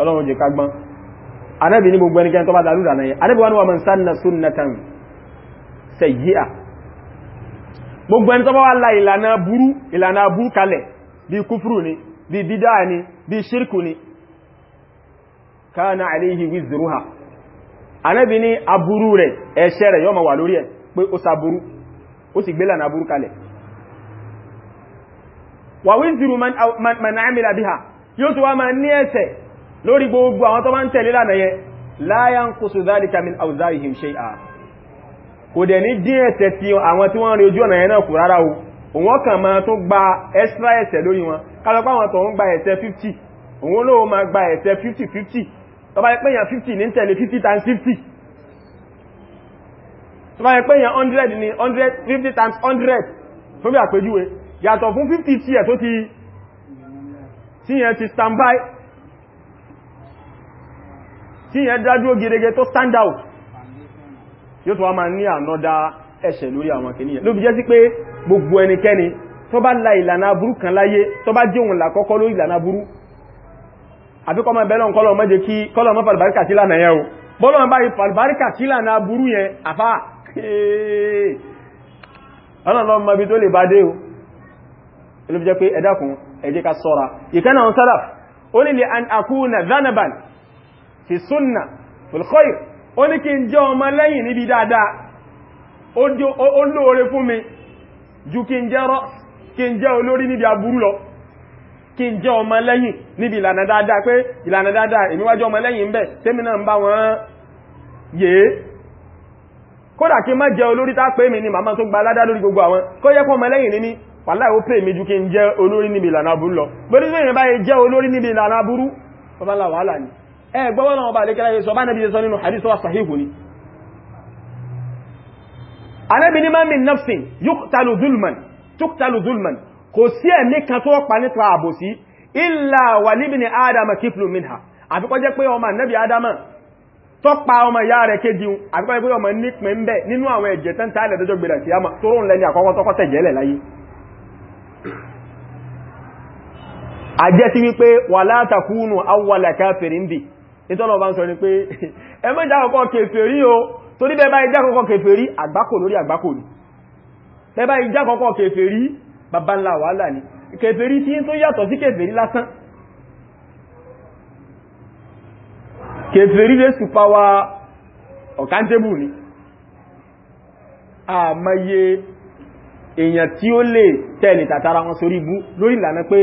ọlọ́run jẹ kagbọ́n anẹ́bì ní gbogbo ẹnikẹ́ni tó bá dàrú ìlànà yẹn anẹ́bì wọn man sanna sunnatan sayyi'a gbogbo ẹni tó bá wá la ìlànà burú ìlànà burú kalẹ̀ bí kúfúrù ni bí bídá ni bí ṣírkù ni kana alayhi wizruha anẹ́bì ní aburú rẹ̀ ẹ̀ṣẹ̀ rẹ̀ yóò yóò wá ní lórí gbogbo àwọn tó bá ń tẹ̀lé lánàá yẹ láyán kó so dhalika min awzarihim shay'a kò dẹ̀ ní dín ẹ̀ṣẹ̀ tí àwọn tí wọ́n rí ojú ọ̀nà yẹn náà kù rárá o òun kàn máa tó gba extra ẹ̀ṣẹ̀ lórí wọn kálọ́pá àwọn tó ń gba ẹ̀ṣẹ̀ 50 òun lóò máa gba ẹ̀ṣẹ̀ 50 50 tó bá yẹ pé èèyàn 50 ní tẹ̀lé 50 times 50 tó bá yẹ pé èèyàn 100 ní 100 50 times 100 fún bí àpèjúwe yàtọ̀ fún 50 tí ẹ̀ tó ti tí yẹn ti tí yẹn dájú gẹ́gẹ́ tó stand out yóò tó wá máa ní ànọ́dá ẹ̀ṣẹ̀ lórí àwọn kìníyàn ló fi jẹ́ sí pé gbogbo ẹnikẹ́ni tó bá la ìlànà aburú kan láyé tó bá jẹ́ òun làkọ́kọ́ lórí ìlànà aburú àbíkọ́ máa bẹ́lọ́n kọ́lọ̀ mọ́jẹ́ kí kọ́lọ̀ mọ́ fàlùbáríkà sí lànà yẹn o o ló fi jẹ́ pé ẹ dákun ẹ jẹ́ ká ṣọ́ra ìkẹ́nà ọ̀n ó nílé an akúnà zanaban fi súnnà fulkhoir ó ní kí n jẹ́ ọmọ lẹ́yìn níbi dáadáa ó lóore fún mi ju kí n jẹ́ rọ́ kí n jẹ́ olórí níbi aburú lọ kí n jẹ́ ọmọ lẹ́yìn níbi ìlànà dáadáa pé ìlànà dáadáa èmi wá jẹ́ ọmọ lẹ́yìn bẹ́ẹ̀ tèmi náà ń bá wọn yèé kódà kí má jẹ́ olórí tá pé mi ni màmá tó gba aládá lórí gbogbo àwọn kó yẹ kó ọmọ lẹ́yìn ní mi wàlá ó pè mí ju kí n jẹ́ olórí níbi ìlànà aburú lọ gbórí ìrìnbáyé jẹ́ olórí níbi ìlànà aburú ọmọlá wàhálà ẹ gbọ́wọ́ náà ọba àdékẹ́lá yẹ sọ bá nàbí sọ nínú hadith wa sahihu ni anábi ní máa min nafsin yuqtalu zulman tuqtalu zulman kò sí ẹ̀mí kan tó pa nípa àbòsí illa wà níbìnì adama kiflu minha àfikọ́ jẹ́ pé ọmọ ànábì adama tó pa ọmọ ìyá rẹ̀ kéjì àfikọ́ jẹ́ pé ọmọ nípẹ̀ ń bẹ nínú àwọn ẹ̀jẹ̀ tán tààlẹ̀ tọ́jọ́ gbèrà ti wípé wala takunu awwala kafirin bi nítọ́lọ̀ bá ń sọ ní pé ẹmẹ́jà kọ́kọ́ kèfèrí o torí bẹ́ẹ̀ bá ìjà kọ́kọ́ kèfèrí àgbákò lórí àgbákò ni bẹ́ẹ̀ bá ìjà kọ́kọ́ kèfèrí bàbá ńlá wàhálà ni kèfèrí tí tó yàtọ̀ sí kèfèrí lásán kèfèrí lè sùpáwà ọ̀kántébù ni àmọye èèyàn tí ó lè tẹ̀lé tàtàrà wọn sórí ibú lórí ìlànà pé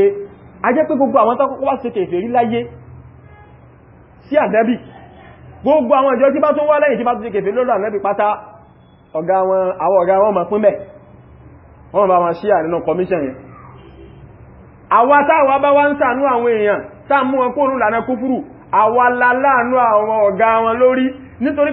a jẹ́ pé gbogbo àwọn tó kọ́kọ́ wá sí kèfèrí láyé sí ànẹ́bì gbogbo àwọn ìjọ tí bá tún wá lẹ́yìn tí bá tún ti kèfè lọ́dọ̀ ànẹ́bì pátá àwọn ọ̀gá wọn ma pín bẹ̀ wọ́n bá wọn ṣíà nínú commission yẹn àwa táwa bá wá ń sànú àwọn èèyàn táàmú wọn kóòrùn lànà kúfúrù àwa láàánú àwọn ọ̀gá wọn lórí nítorí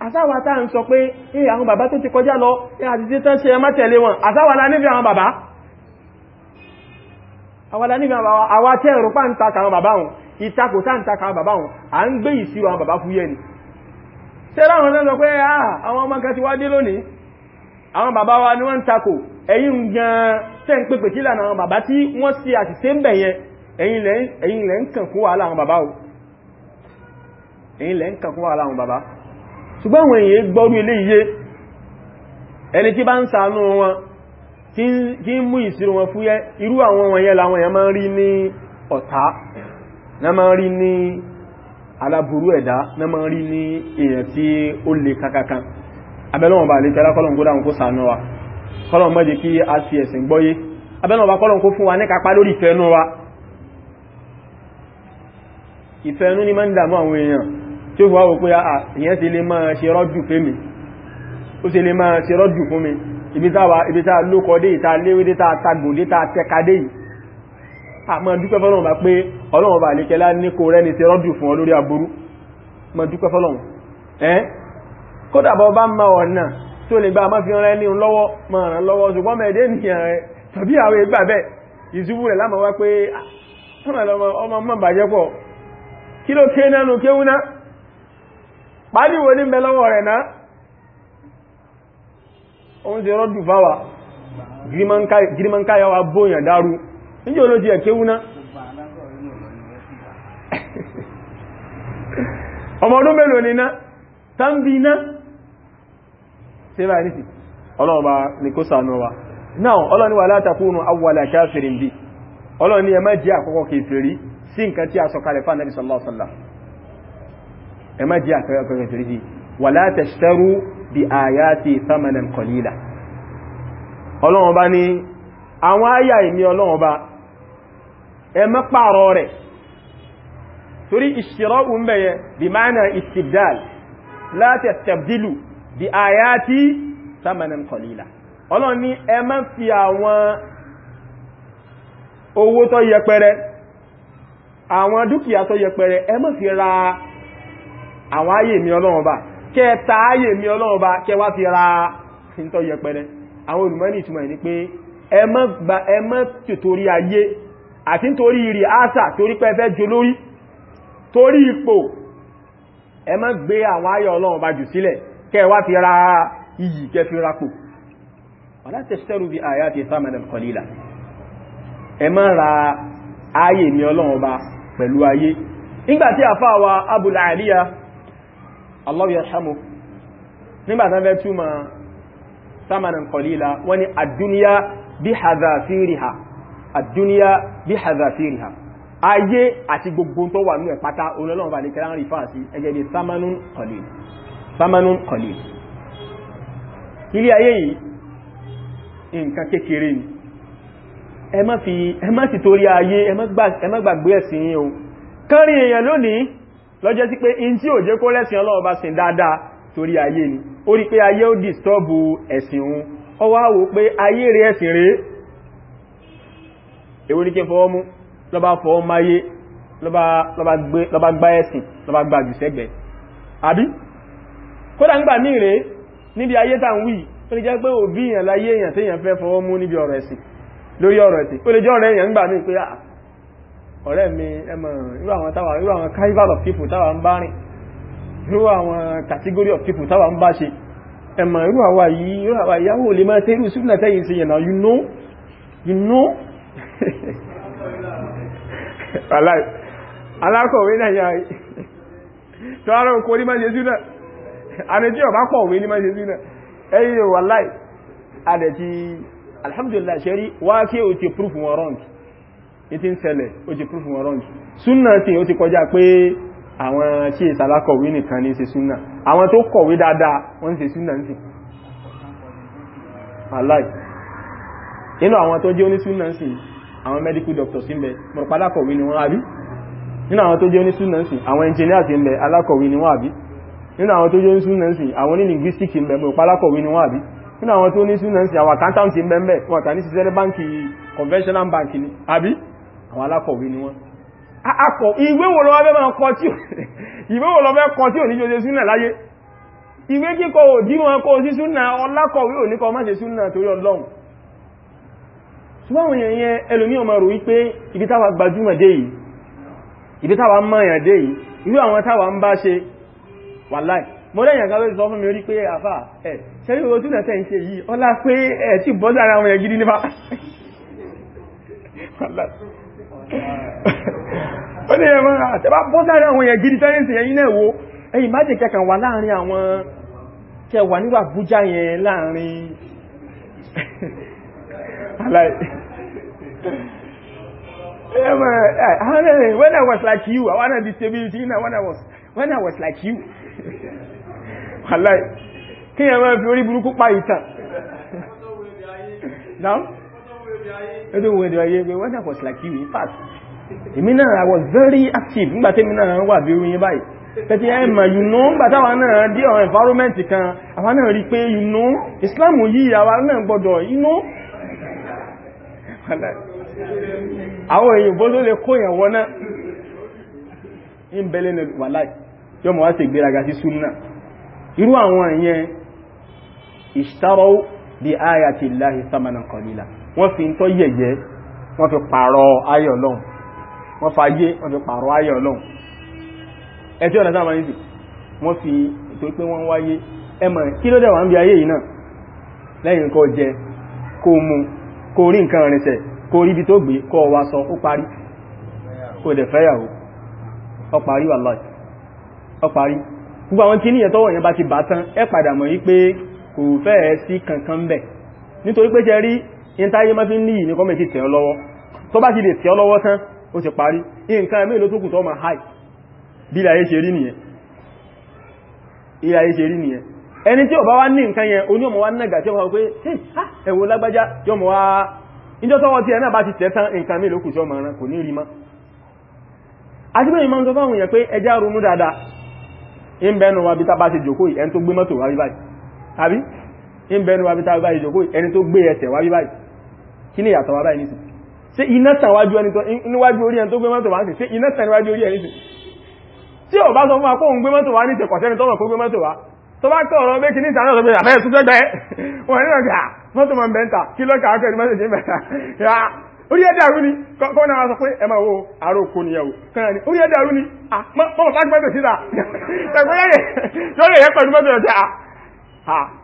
àsáwà tá ń sọ pé ẹ àwọn bàbá tó ti kọjá lọ ẹ àtìsí tán ṣe ẹmá tẹ̀lé wọn àsáwà lá nífẹ̀ẹ́ àwọn bàbá àwàlá nífẹ̀ẹ́ àwà tẹ́ ẹ̀rọ pá ń takà àwọn bàbá wọn ìtakò tá ń ni ṣe láwọn náà sọ pé àwọn ọmọ kan ti wá dé lónìí àwọn bàbá wa ni wọ́n ń takò ẹ̀yin gan tẹ́ ń pèpè tí lànà àwọn bàbá tí wọ́n ṣe àṣìṣe ń bẹ̀ yẹn ẹ̀yin lẹ́ ń kàn fún wàhálà àwọn bàbá ṣùgbọ́n àwọn èèyàn gbọ́rú ilé iye ẹni tí bá ń ṣàánú wọn tí ń mú ìṣirò wọn fúyẹ́ irú àwọn wọ̀nyẹn làwọn èèyàn máa ń rí ní ọ̀tá náà máa ń rí ní aláburú ẹ̀dá náà máa rí ní èèyàn tí ó lè tẹ́lá kọ́lọ̀ kó a fi ẹ̀sìn gbọ́yé abẹ́lọ́wọ̀n bá kọ́lọ̀ kó fún wa ní kápá lórí ìfẹ́nú wa ìfẹ́nú ni máa ń dàmú àwọn èèyàn tí ó fọ́ wọ́n pé ah, ah, ìyẹn ti lè máa ṣe rọ́jù fún mi ó ṣe lè máa ṣe rọ́jù fún mi ibi tá lókọ dé ìta léwédé tá tagùn dé tá tẹ́ka dé yìí àmọ́ dúpẹ́ fọ́lọ́run bá pé ọlọ́run bá lè kẹlá ní kò rẹ́ni ṣe rọ́jù fún ọ lórí aburú mọ́ dúpẹ́ fọ́lọ́run ẹ́ kódà bọ́ bá máa ọ̀nà tó lè bá máa fi rán ẹni lọ́wọ́ máa ràn lọ́wọ́ ṣùgbọ́n ah, kí ló ké nánú kéwúná pàálì wo ní mẹ́lọ́wọ́ rẹ̀ náà o ń se wa bóyàn dárú níjẹ́ olójí ẹ̀kéwú <laughs> ọmọ ọdún melo ni náà tàbí náà ṣe bá ní sí ọlọ́ọ̀bá ní kó sànú wa náà ọlọ́ni wà látàkùnù awwala kafirin bí ọlọ́ni ẹ má jẹ́ àkọ́kọ́ kèfèrí ẹ má jẹ́ àpẹẹrẹ kẹfìrí wala tashtaru bi ayati thamanan qalila ọlọ́run bá ní àwọn àyà ìmí ọlọ́run bá ẹ má pààrọ̀ rẹ̀ torí ìṣirọ́ ń bẹ̀yẹ bí mánà ìṣìdáàl la tastabdilu bí ayati thamanan qalila ọlọ́run ní ẹ má fi àwọn owó àwọn ayé mi ọlọ́run bá kẹta ayé mi ọlọ́run bá kẹwà fi ra ìntọ́ yẹpẹrẹ àwọn olùmọ́ni ìtumọ̀ ní pé ẹ má tòtorí ayé àti nítorí rí àṣà torí pé fẹ́ torí ipò ẹ gbé àwọn ayé ọlọ́run bá jù sílẹ̀ kẹwà fi ra iyì kẹ fi ra nígbàtí àfáà wa Allahu yarhamu nígbàtán fẹ́ túmọ̀ samanan qalila wọ́n ni àdúníyà bí hazafiriha àdúníyà bí hazafiriha ayé àti gbogbo tó wà ní ẹ̀pátá olólọ́wọ́ bá ní kẹrán rí fáà sí ẹgẹ́ bí samanun qalil samanun qalil ilé ayé yìí nǹkan kékeré ni ẹ má sì torí ayé ẹ má gbàgbé ẹ̀sìn yìí o kárí èèyàn lónìí lọ́jẹ́ sí pé in tí ò jẹ́ kó lẹ́sìn Ọlọ́run bá sìn dáadáa torí ayé ni ó rí pé ayé ó dìstọ́bù ẹ̀sìn òun ó wá wò pé ayé rẹ̀ ẹ̀sìn rẹ̀ èwo ní kí n fọwọ́ mú lọ́bá fọwọ́ máyé lọ́bá gbá ẹ̀sìn lọ́bá gbá jù sẹ́gbẹ̀ àbí kódà ń gbà ní rẹ̀ níbi ayé tàn wí ó lè jẹ́ pé òbí èèyàn láyé èèyàn tí èèyàn fẹ́ fọwọ́ mú níbi ọ̀rọ̀ ẹ̀sìn lórí ọ̀rọ̀ ẹ̀sìn ó lè jẹ́ ọ̀rọ̀ èèyàn ń gbà ní pé ah, ọ̀rẹ́ mi ẹmọ̀ irú àwọn táwà irú àwọn carnival of people táwà ń bá rìn irú àwọn category of people táwà ń bá ṣe ẹmọ̀ irú àwà yìí irú àwà ìyàwó lè máa tẹ́ irú súnà tẹ́yìn sí yẹ̀nà you know you know <laughs> alákọ̀wé náà yà tó ara òkò ní máa ṣe súnà àmìtí ọ̀bá kọ̀wé ní máa ṣe súnà ẹ̀yẹ wà láì alhamdulillah ṣe rí wá kí proof wọn wrong ìtí ń ṣẹlẹ̀ ó ti prúfù wọn rọ́njù súnà tí ó ti kọjá pé àwọn tí ìsàlákọ̀wé nìkan ní ṣe súnà àwọn tó kọ̀wé dáadáa wọ́n ṣe súnà ń sì aláì inú àwọn tó jẹ́ onísúnà ń sì àwọn medical doctors ń bẹ mọ̀rọ̀pá alákọ̀wé ni wọ́n àbí nínú àwọn tó jẹ́ onísúnà ń sì àwọn engineers ń bẹ alákọ̀wé ni wọ́n àbí nínú àwọn tó jẹ́ onísúnà ń sì àwọn ní linguistics ń bẹ mọ̀rọ̀pá ni wọ́n àbí nínú àwọn tó onísúnà ń sì àwọn accountant ń bẹ mẹ́ wọn kà ní ṣiṣẹ́ ní conventional bank ni àbí àwọn alákọ̀wé ni wọ́n akọ̀ ìwé wo lọ bẹ́ máa kọ tí <laughs> ìwé wo lọ bẹ́ kọ tí ò ní jọ ṣe súnà láyé ìwé kíkọ ò dí wọn kó sí súnà ọlákọ̀wé ò ní kọ má ṣe súnà torí ọlọ́run ṣùgbọ́n èèyàn yẹn ẹlòmí ọmọ rò wípé ibi táwa gbajúmọ̀ dé yìí ibi táwa mọ̀yàn dé yìí irú àwọn táwa ń bá ṣe wàláì mo lẹ́yìn àgbáwé sọ fún mi rí pé àfà ẹ̀ ṣẹ́rí owó túnà tẹ́ ń ṣe yìí ọlá pé ẹ̀ tí bọ́dá ara wọn yẹn gidi nípa <laughs> ó ní ẹ̀mọ́ àtẹ́bá bọ́ sáré àwọn èèyàn gidi tẹ́rẹ̀sì ẹ̀yìn náà wo ẹ̀yìn má jẹ́ kẹkàn wà láàrin àwọn kẹwà níwà bújá yẹn láàrin aláì when I was like you I wanted disability when I was when I was like you aláì ẹ̀mọ́ fi lójú òun èdè ayé pé wọ́n ṣàpọ̀ sílàkì yìí fast èmi náà I was very active nígbà tẹ́mi náà wà bí orin báyìí tẹ́tí ẹ mà you know nígbà táwa náà dé ọ̀rọ̀ environment kan àwa náà rí pé you know Islam yìí àwa náà gbọ́dọ̀ you know àwọn èèyàn bó ló lè kó èèyàn wọ náà ń bẹ̀lẹ̀ ní wàláì yọ mọ̀ wá sí ìgbéraga sí súnnà irú àwọn èèyàn ìṣtàrọ̀ bí ayatillahi samanan qalila wọ́n fi ń tọ́ yẹ̀yẹ́ wọ́n fi pààrọ̀ ayọ̀ lọ́n wọ́n fa ayé wọ́n fi pààrọ̀ ayọ̀ lọ́n ẹtí ọ̀nà sáà máa ń sì wọ́n fi ètò pé wọ́n wáyé ẹmọ̀ kí ló dẹ̀ wà ń bi ayé yìí náà lẹ́yìn kó jẹ kó mu kó rí nǹkan rinṣẹ̀ kó rí ibi tó gbé kó wa sọ ó parí kó dẹ̀ fẹ́yàwó ó parí wallahi ó parí gbogbo àwọn kíní yẹn tọ́wọ́ yẹn bá ti bà tán ẹ padà mọ̀ yí pé kò fẹ́ẹ̀ sí kankan bẹ̀ nítorí pé jẹ rí in táyé má fi ń níyì ní kọ́mẹ̀ ti tẹ̀ ọ lọ́wọ́ tó bá ti lè tẹ̀ ọ lọ́wọ́ tán ó ti parí nǹkan ẹ̀mí ló tó ma háì bí ilẹ̀ ayé ṣe rí nìyẹn ẹni tí ò bá wá ní nǹkan yẹn oní ọmọ wá nẹ́gà tí ó wá pé ẹ̀wọ̀ lágbájá tí ọmọ wá ìjọ tọ́wọ́ tí ẹ bá ti tẹ̀ tán nǹkan mí kù tí ọmọ ẹran kò ní rí fáwọn èèyàn pé ẹjá ronú wa bí tá bá ti jòkó ẹ̀ ń bẹnu wa bí tá a bá ìjòkó ẹni tó gbé ẹsẹ̀ wá bí báyìí kí ni ìyàtọ̀ wa báyìí nìsí ṣé iná tàn wájú ẹni tó níwájú orí ẹni tó gbé mọ́tò wá ń sì ṣé iná tàn níwájú orí ẹni sì tí ò bá sọ fún wa kó ń gbé mọ́tò wá ní ìṣẹ̀kọ̀ sẹ́ni tọ́nà kó gbé mọ́tò wá tó bá kọ̀ ọ̀rọ̀ méjì ní ìtànà ọ̀sọ̀gbẹ̀ àfẹ́ ìṣúgbẹ́ gbẹ́ wọn nínú ọ̀gá mọ́tò mọ̀ bẹ́ńtà kí lọ́kà akẹ́rì mọ́tò jẹ́ mẹ́ta orí ẹ̀dà rú ni kọ́ náà sọ pé ẹ máa wo àrò kò ní ẹ̀wò kọ́nà ni orí ẹ̀dà rú ni mọ́mọ́ bá gbẹ́dọ̀ síta ẹ̀gbẹ́ <laughs> yẹ́ pẹ̀lú mọ́tò ọ̀sẹ̀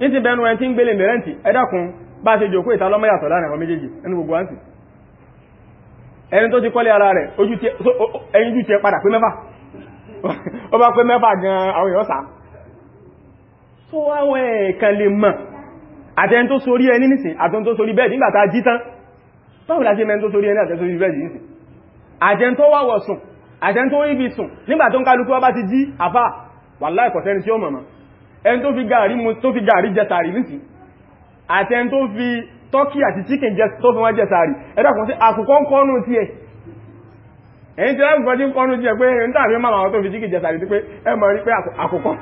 ní ti bẹnu ẹni tí ń gbélé mẹ́rẹ́ǹtì ẹ̀dàkùn bá ṣe jòkó ìta lọ́mọ́yàtọ̀ láàrin àwọn méjèèjì ẹnu gbogbo àǹtì ẹni tó ti kọ́lé ara rẹ̀ ẹyin jù ti ẹ padà pé mẹ́fà <laughs> ó bá pé mẹ́fà gan àwọn èèyàn sá tó àwọn ẹ̀ẹ̀kan lè mọ̀ àtẹni tó sórí ẹni nìsìn àtẹni tó sórí bẹ́ẹ̀dì nígbà tá a jí tán báwo la ṣe mẹ́ni tó sórí ẹni àtẹni tó ẹni tó fi gàrí mu tó fi gàrí jẹ sàárì àti ẹni tó fi tọ́kì àti chicken tó fi wọ́n jẹ ẹ̀dàkùn sí àkùkọ́ kọ́nù tí ẹ̀ ẹ̀yìn tí lábùkọ́ tí kọ́nù tí pé tàbí àwọn tó fi chicken jẹ ti pé ẹ mọ̀ rí pé àkùkọ́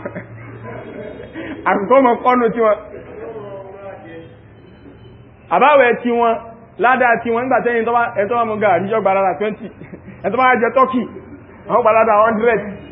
<laughs> <laughs>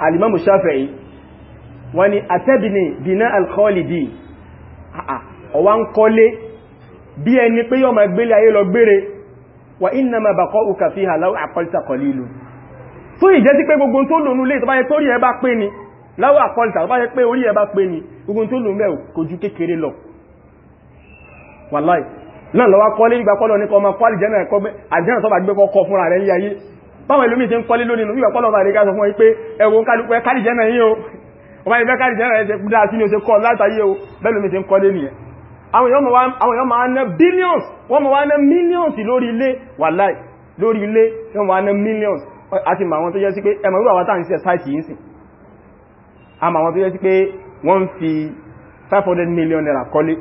alimamu shafi'i wọ́n ni atẹ́bìnì bìnà alkọ́ọ̀lìdì ọwá ń kọ́lé bí ẹni pé yọ́ ma gbélé ayé lọ gbére wà iná ma bàkọ́ òkà fi hàláwò àkọ́lìtà kọ̀lìlù tó ìjẹ́ sí pé gbogbo tó lònú lè tó bá yẹ pé orí ẹ pé ni láwọ́ àkọ́lìtà tó bá yẹ pé orí ẹ pé ni gbogbo tó lònú mẹ́ kò ju kékeré lọ wàláì náà náà kọ́ àlìjẹ́ náà tó ní ayé báwọn ìlú mi ti ń kọ́lé lónìí nígbà pọ́lọ̀ bá rígá sọ fún wípé ẹwọ kálùpẹ́ kálìjẹ́ náà yíò ọba ìfẹ́ kálìjẹ́ náà ẹ̀ṣẹ̀ kúdá sí ni ó ṣe kọ́ látàyé o bẹ́lú mi ti ń kọ́lé nìyẹn àwọn èèyàn máa ná billions wọ́n máa ná millions lórí ilé wàláì lórí ilé wọ́n máa ná millions àti màwọn tó jẹ́ sí pé ẹmọ̀ ìwà wátà ń ṣe sáìtì yìí sìn àmàwọn tó jẹ́ sí pé wọ́n fi 500 million naira kọ́lé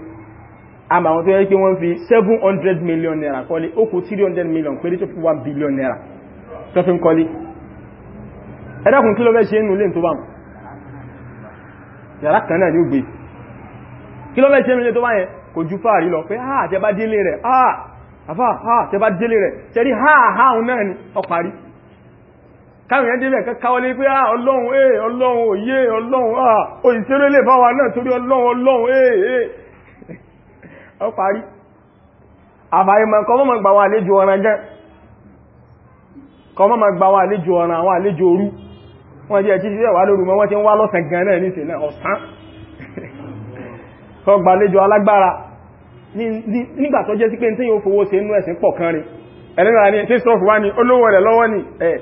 àmàwọn tó jẹ́ sí pé wọ́n fi 700 million naira kọ́lé ó kù 300 million pẹ̀lú tó fi 1 billion naira tó fi ń kọlé ẹ̀dàkùn kí ló fẹ́ ṣe nínú ilé tó bá mọ̀ yàrá kan náà ni ó gbé kí ló fẹ́ ṣe nínú ilé tó bá yẹn kò ju fáàrí lọ pé ha ah, tẹ bá délé rẹ̀ ha ah, àfá ha ah, tẹ bá délé rẹ̀ tẹ́rí ha ha òun náà ni ọparí káwọn yẹn débẹ̀ ha ọlọ́run ee eh, ọlọ́run òye ọlọ́run ha òyìnṣẹ́rẹ́ lè fáwa náà torí ọlọ́run ọlọ́run ee ee ọparí àbáyé mọ̀kọ́ mọ̀ gbà wọn àlejò ọ̀ràn jẹ́ kọmọ́ ma gba àwọn àlejò ọ̀ràn àwọn àlejò òru wọ́n jẹ́ ẹ̀kí ṣiṣẹ́ wà lóru mọ́ wọ́n ti ń wá lọ́sàn gan náà ní ìsìnlẹ̀ ọ̀sán kọ gba àlejò alágbára ni tó jẹ́ sí pé tí yóò fowó ṣe inú ẹ̀sìn pọ̀ kan rí ẹ̀rẹ́ra ni tí sọ́fù wá ní olówó rẹ̀ lọ́wọ́ ni ẹ̀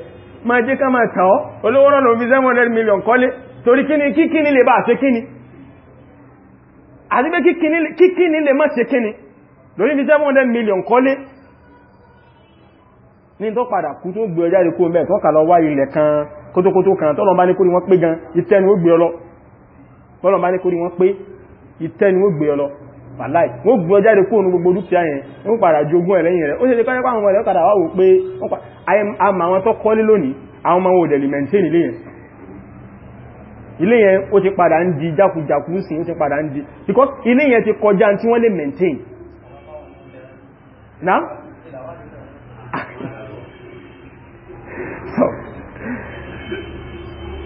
máa jẹ́ ká máa tàn ọ́ olówó rọ̀ lóun fi 700 million kọ́lé torí kíni kíkíní lè bá ṣe kíni àti pé kíkíní lè má ṣe kíni lórí fi 700 million kole ní tó padà kú tó gbé ọjáde kó mẹ́ tó kàlọ wá ilẹ̀ kan kótókótó kan tọ́lọ bá ní kórí wọ́n pé gan ìtẹ́ni ó gbé ọlọ tọ́lọ bá ní kórí wọ́n pé ìtẹ́ni ó gbé ọlọ wàláì wọ́n gbé ọjáde kó nu gbogbo dúkìá yẹn wọ́n padà jogún ẹ̀ lẹ́yìn rẹ̀ ó ṣe lè kọ́ àwọn ọ̀rẹ́ padà wá wò pé àmà àwọn tó kọ́lé lónìí àwọn ọmọ òdẹ̀ lè maintain ilé yẹn ilé yẹn ó ti padà ń di jákujàku sí ó ti padà ń di because ilé yẹn ti kọjá tí wọ́n lè maintain now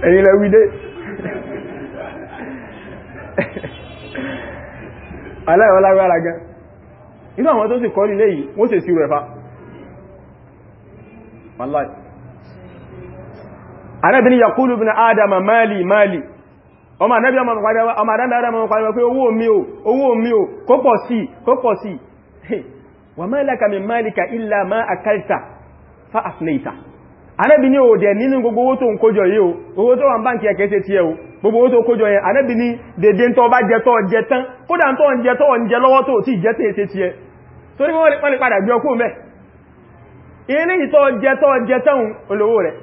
and you know we did. ala ala wa ala gan inu awon to si ko ni leyi mo se si refa wallahi ara bin yaqulu ibn adam mali mali o ma nabi amon kwade wa o ma dan adam amon kwade wa pe owo mi o owo mi o ko po si ko po si wa malaka min malika illa ma akalta fa afnaita anẹ́bì ní òòdẹ̀ nínú gbogbo owó tó ń kójọ yìí o owó tó wà ń báǹkì ẹ̀kẹ́sẹ̀ tí ẹ o gbogbo owó tó kójọ yẹn anẹ́bì ní dédé tó bá jẹ tó jẹ tán kódà tó ń jẹ tó ń jẹ lọ́wọ́ tó tí jẹ tẹ́ tí ẹ torí wọ́n lè padà gbé ọkú mẹ́ ilé ìtọ́ jẹ tó jẹ tán olówó rẹ̀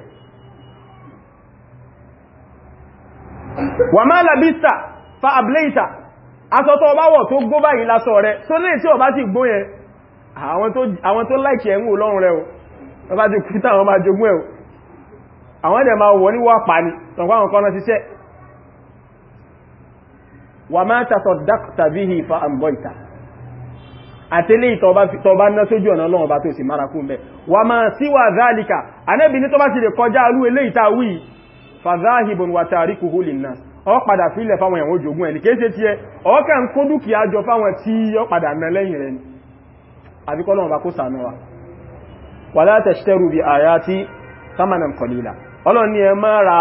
wà má labista fa ableita aṣọ tó bá wọ̀ tó gbó báyìí lásọ rẹ̀ tó lè tí ọ bá ti gbó yẹn àwọn tó láìkì ẹ̀mú lọ́rùn rẹ̀ o wọ́n bá ti kú táwọn máa jogún ẹ̀ àwọn ẹ̀dẹ̀ máa wọ́n ní wọ́n pa ní àwọn ṣiṣẹ́ wà máa tàṣọ dákùtà fa àmbọ̀ìta àtẹ́lé ìtọba ná sójú ọ̀nà ọlọ́run bá tó sì mara kú mẹ́ wà máa síwà záàlìkà anẹ́bì ní tó bá ti lè kọjá alú ilé ìta wí fàzáhìbùn wà tàríkù hù lìnà ọ padà fílẹ̀ fáwọn ẹ̀wọ̀n jogún ẹni kéèsè tí ẹ ọkà kó dúkìá jọ fáwọn tí ọ padà ná rẹ̀ ni àbíkọ́lọ́run bá kó sànú wala tashtaru bi ayati thamanan qalila ọlọ́run ni ẹ má ra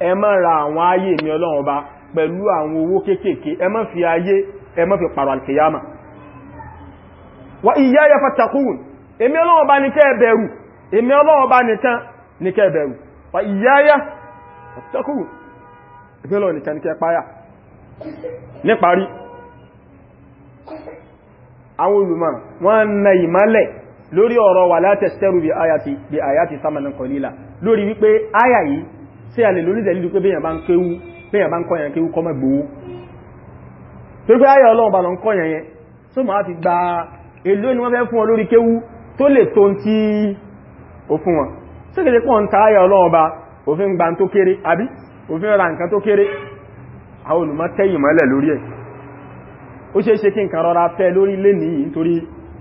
ẹ ra àwọn ayé mi ọlọ́run ọba pẹ̀lú àwọn owó kéékèèké ẹ má fi ayé ẹ má fi pàrọ̀ alkiyama wa iyaya fattaqun èmi ọlọ́run ọba ní kẹ́ bẹ̀rù èmi ọlọ́run wa iyaya fattaqun èmi ọlọ́run nìkan ní kẹ́ páyà níparí àwọn wọ́n na ìmálẹ̀ lórí ọ̀rọ̀ wà látẹ̀sẹ̀rù bí àyàtì samanin kọlila lórí wípé àyà yìí sí a lè lórí ìdẹ̀lú pé bẹ́yàn bá ń kéwú bẹ́yàn bá ń kọ́yàn kéwú kọ́mọ̀ gbówó tó pé àyà ọlọ́run bá lọ ń kọ́yàn yẹn tó máa fi gba èlò ni wọ́n fẹ́ fún ọ lórí kéwú tó lè tó tí ó fún wọn sí kìí pọ̀ ń ta àyà ọlọ́run bá òfin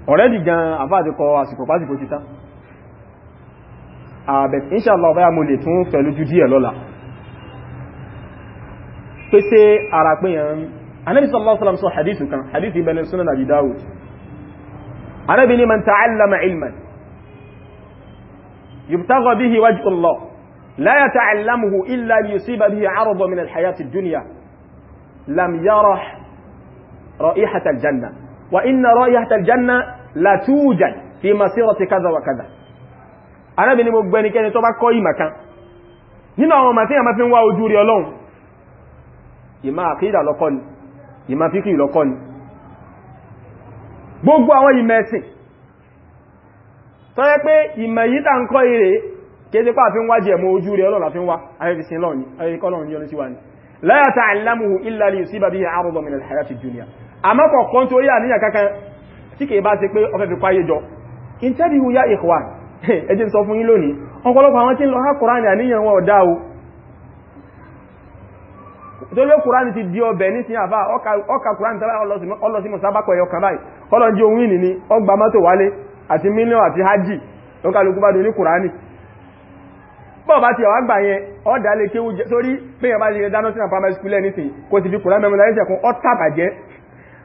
already gan àfáàdì kọ àsìkò pásìkò títá àbẹ̀t inṣàlá ọ̀bá mo lè tún fẹ̀lú jù díẹ̀ lọ́la pèsè ara pé yàn anábi sallallahu alaihi wasallam sọ hadithu kan hadithu ibẹ̀lẹ̀ sunan abi dawud anábi ni ta'allama ilman yubtagha bihi wajhu allah la yata'allamuhu illa liyusiba bihi 'aradan min al-hayati ad-dunya lam yarah wa inna ra'yata aljanna la tujad fi masirati kaza wa kaza arábìnrin gbogbo ẹnikẹ́ni tó bá kọ́ ìmọ̀ kan nínú àwọn ọmọ tí a máa fi ń wá ojú rí ọlọ́run gbogbo àwọn ìmẹ̀sìn tó pé ìmọ̀ yìí tà kọ́ ire kéde pà fi ń wá jẹ̀mọ́ ojú rí ọlọ́run àfi ń wá ayẹ́fisìn lọ́run ni ayẹ́kọ́ lọ́run yọ́nú sí wa ni la yata'allamuhu àmọ́kọ̀ọ̀kan tó yà níyà kankan tí kìí bá ti pé ọfẹ́ fi páyé jọ ìntẹ́bíhù yá ikhwan <laughs> ẹjẹ́ sọ fún yín lónìí ọ̀pọ̀lọpọ̀ àwọn tí ń lọ há kùránì àníyàn wọn ọ̀dá o tó lé kùránì ti di ọbẹ̀ ní sin àfá ọkà kùránì tẹ́lá ọlọ́sí mọ̀sábàkọ̀ ẹ̀yọ kan báyìí kọ́lọ́njí ohun ìní ni ọgbà mọ́tò wálé àti mílíọ̀n àti hajji lọ́kàlùkù bá doní kùránì bọ́ bá ti ọ̀wà gbà yẹn ọ̀dà lè kéwú sórí pé yẹn bá ti dáná sí àpamọ́ ìsìkúlẹ̀ nísìn kò sì fi kùránì mẹ́mọ́lá ẹ̀sẹ̀ kún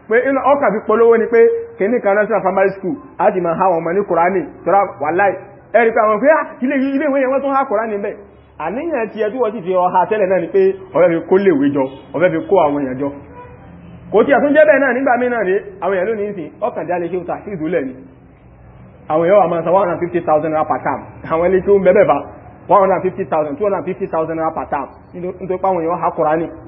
pé inú ọkà fi polówó ni pé kìíní kan national primary school ti máa ha àwọn ọmọ ní kùránì tọ́ra wàláì ẹ̀rí pé àwọn pé ah, ilé ìwé yẹn wọ́n tún ha kùránì bẹ́ẹ̀ àníyàn ti ẹjú wọ́n ti fi ọha tẹ́lẹ̀ náà ni pé ọ̀fẹ́ fi kó jọ ọ̀fẹ́ fi kó àwọn èèyàn jọ kò tí àtúnjẹ́ bẹ́ẹ̀ náà nígbà mìíràn rí àwọn àwọn èèyàn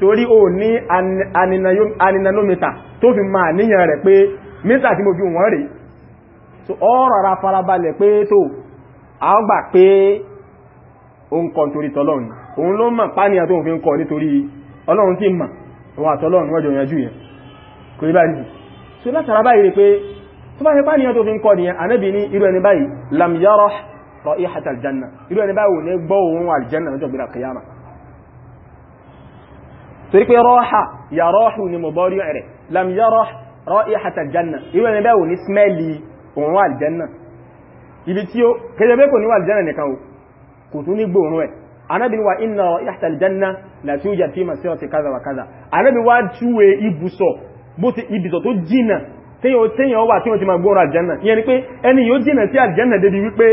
torí o ní aninanómítà tó fi máa níyàn rẹ̀ pé mítà tí mo fi wọ́n rí so ọ́rọ̀ ara farabalẹ̀ pé tó a gbà pé o ń kọ nítorí òun ló mọ̀ fi ń kọ nítorí ọlọ́run tí wà so báyìí pé tó bá ṣe tó fi ń kọ nìyẹn ní irú ẹni báyìí irú ẹni báyìí ní gbọ́ òun torí pé rọ́ọ̀hà yàrọ́ọ̀hù ni mo bọ́rí ẹ̀rẹ̀ lam yọ́rọ̀ rọ́ìhàtà janna ìwé ẹni bẹ́ẹ̀ wò ní smẹ́lì òun wà aljanna ibi tí ó kẹjọ bẹ́ẹ̀ kò ní wà aljanna nìkan o kò tún ní gbóòrùn ẹ̀ anábi wa inna rọ́ìhàtà aljanna la tuja fi masirati kaza wa kaza anábi wa túwe ibùsọ̀ bó ti ibùsọ̀ tó jìnà téèyàn téèyàn wà tí wọ́n ti máa gbóòrùn aljanna ìyẹn ni pé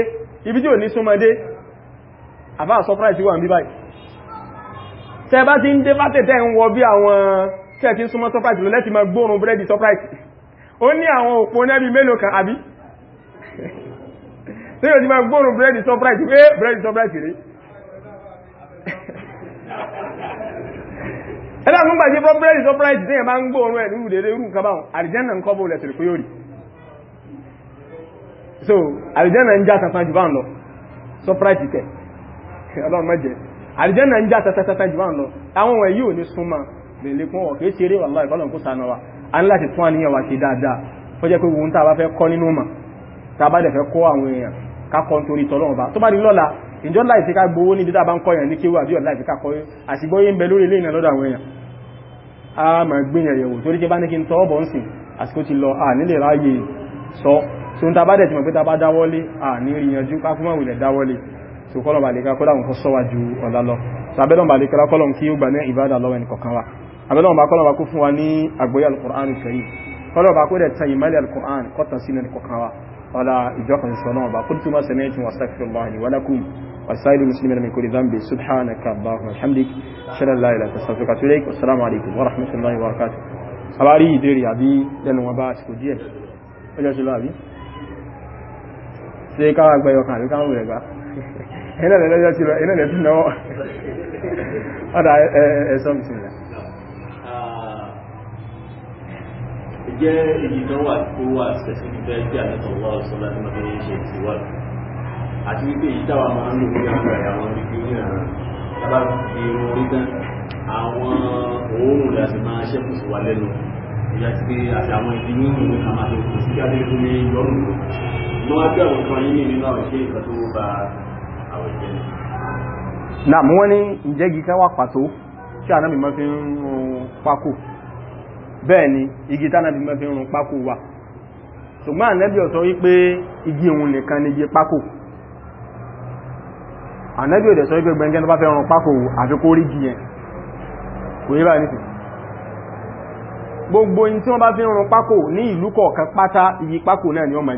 ẹni tẹ bá ti ń dé bá tẹ̀tẹ̀ ń wọ bí àwọn tẹ́ ti ń súnmọ́ surprise lọ lẹ́ti ma gbóòrùn búrẹ́dì surprise ó ní àwọn òpó nẹ́bí mélòó kan àbí tí <laughs> yóò ti ma gbóòrùn búrẹ́dì surprise pé búrẹ́dì surprise rí ẹ̀dá fún gbàṣẹ́ fún búrẹ́dì surprise tí yẹn bá ń gbóòrùn ẹ̀ nínú dédé irú kábàrùn àlìjẹ́nà ń kọ́bọ̀ lẹ̀ tẹ̀lẹ̀kọ́ yóò so àlìjẹ́nà ń já sàfájù bá ń lọ surprise tẹ̀ <laughs> ọlọ́run mẹ́jẹ̀ẹ́ àlìjẹ́nà ń já tẹ́tẹ́tẹ́ jù wọ́n lọ àwọn wọ̀nyí ò ní súnmọ́ lèlékún ọ̀ kìí ṣeré wà láì kọ́lọ̀ kó sànà wa a ní láti tún àníyàn wa ṣe dáadáa ó jẹ́ pé wọn tá a bá fẹ́ kọ́ nínú mà tá a bá dẹ̀ fẹ́ kọ́ àwọn èèyàn ká kọ́ nítorí tọ́lọ́run bá tó bá di lọ́la ìjọ láì fi ká gbowó níbi tá a bá ń kọ́ èèyàn ní kéwà bí ọ̀ láì fi ká kọ́ àṣìgbọ́yé ń bẹ lórí ilé ìrìn lọ́dọ̀ mọ̀ pé ta dáwọ́lé à ní ìrìyànjú ká fún dáwọ́lé tó kọ́lọ̀ bà lè ká kọ́lọ̀ nǹkan sọ́wà ju ọ̀la lọ so abẹ́lọ́n bà lè ká kọ́lọ̀ kí ó gbà ní ìbádà lọ́wọ́ ẹnì kọ̀kan wa abẹ́lọ́n bà kọ́lọ̀ bà kó fún wa ní àgbóyà al-Qur'an al-Karim kọ́lọ̀ bà kó dẹ̀ ta ìmọ̀lẹ̀ al-Qur'an kọ́tàn sínú ẹnì kọ̀kan wa ọ̀la ìjọkan sọ náà bà kúrò túmọ̀ sẹ́mẹ́ tún wastaghfirullah li wa lakum والسائر المسلمين من كل ذنب سبحانك اللهم وبحمدك اشهد ان لا اله الا انت استغفرك واتوب اليك والسلام عليكم ورحمه الله وبركاته abari ìdírí àbí lẹ́nu wọn bá ṣùkú díẹ̀ ọjọ́ ṣe lọ àbí ṣe káwà gbẹ̀yọkàn àbí káwà rẹ̀ gbá iná lẹ́lẹ́ yọ́ ti lọ iná lẹ́tún náà ọ̀dá ẹ̀ẹ́sọ́ mi sílẹ̀ jẹ́ èyí tó wà tó wà sẹ̀sẹ̀ níbẹ̀ tí àlẹ́tọ̀ wà sọ́lá tí wọ́n fi ṣe ti wà àti wípé èyí táwa máa ń lò ní àwọn ẹ̀yà wọn níbi ní àrùn tábà fi irun orí tán àwọn òórùn rẹ̀ àti máa ṣẹ́kù sí wa lẹ́nu ìyá ti pé àwọn ìdí nínú ìwé àmàlẹ́ òkú sí kí adé fún mi yọrùn àwọn kan àwọn ìṣe ìkan Na mú wọ́n ní ìjẹ́gi kan wà pàtó tí ànábì máa fi ń rún pákó bẹ́ẹ̀ ni igi tánàbì máa fi ń rún pákó wà ṣùgbọ́n ànábì ó wípé igi òun nìkan ni igi pákó ànábì ó dẹ̀ sọ wípé gbẹ̀ngẹ́ tó bá fẹ́ rún pákó àfikó rí igi yẹn igi pákó náà ni wọ́n máa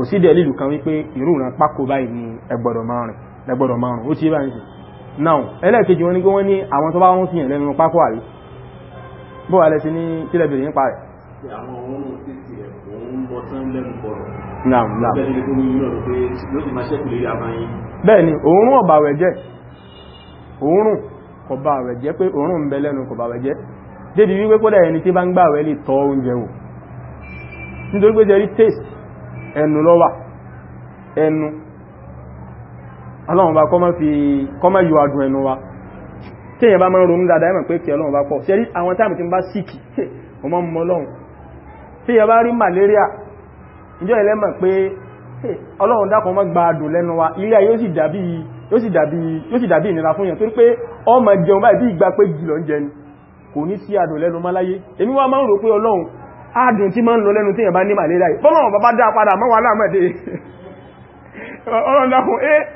kò sí dẹ̀lìlù kan wípé ìrúnà pákó báyìí ni ẹgbọ̀dọ̀ márùn ẹgbọ̀dọ̀ márùn ó ti bá ń sì náà ẹlẹ́ẹ̀kejì wọn ni wọ́n ní àwọn tó bá wọ́n fihàn lẹ́nu pákó àrí bó wà lẹ́sí ní kílẹ̀bìrì nípa rẹ̀ bẹ́ẹ̀ni òórùn ọ̀bà rẹ̀ jẹ́ òórùn kọba rẹ̀ jẹ́ pé òórùn ń bẹ lẹ́nu kọba rẹ̀ jẹ́ débi wípé kódà ẹni tí bá ń gbà rẹ̀ lè tọ́ oúnjẹ wò nítorí pé jẹ́ taste ẹnu lọ́wà ẹnu ọlọ́run bá kọ́mọ̀ yíò adùn ẹnu wa tí èyàn bá mọ́ ronú dáadáa ẹ̀mọ̀ pé kí ọlọ́run bá pọ̀ ṣe rí àwọn táàmù tí <laughs> ń bá síkì ọmọ mọ́ ọlọ́run tí èyàn bá rí malaria ìjọ ẹlẹ́mọ̀ pé ọlọ́run dákan mọ́ gba adùn lẹ́nu wa ilé ayé sì dàbí yóò sì dàbí ìnira fún yàn torí pé ọmọ jẹun báyìí bí ìgbà pé jùlọ ń jẹni kò ní sí adùn lẹ́nu máláyé èmi wá máa ń rò àádùn tí máa ń lọ lẹ́nu tí ìyàbá ní màlẹ́dà yìí bàbá dá padà mọ́ wà láàmọ́dé ọlọ́ndàkùn eh,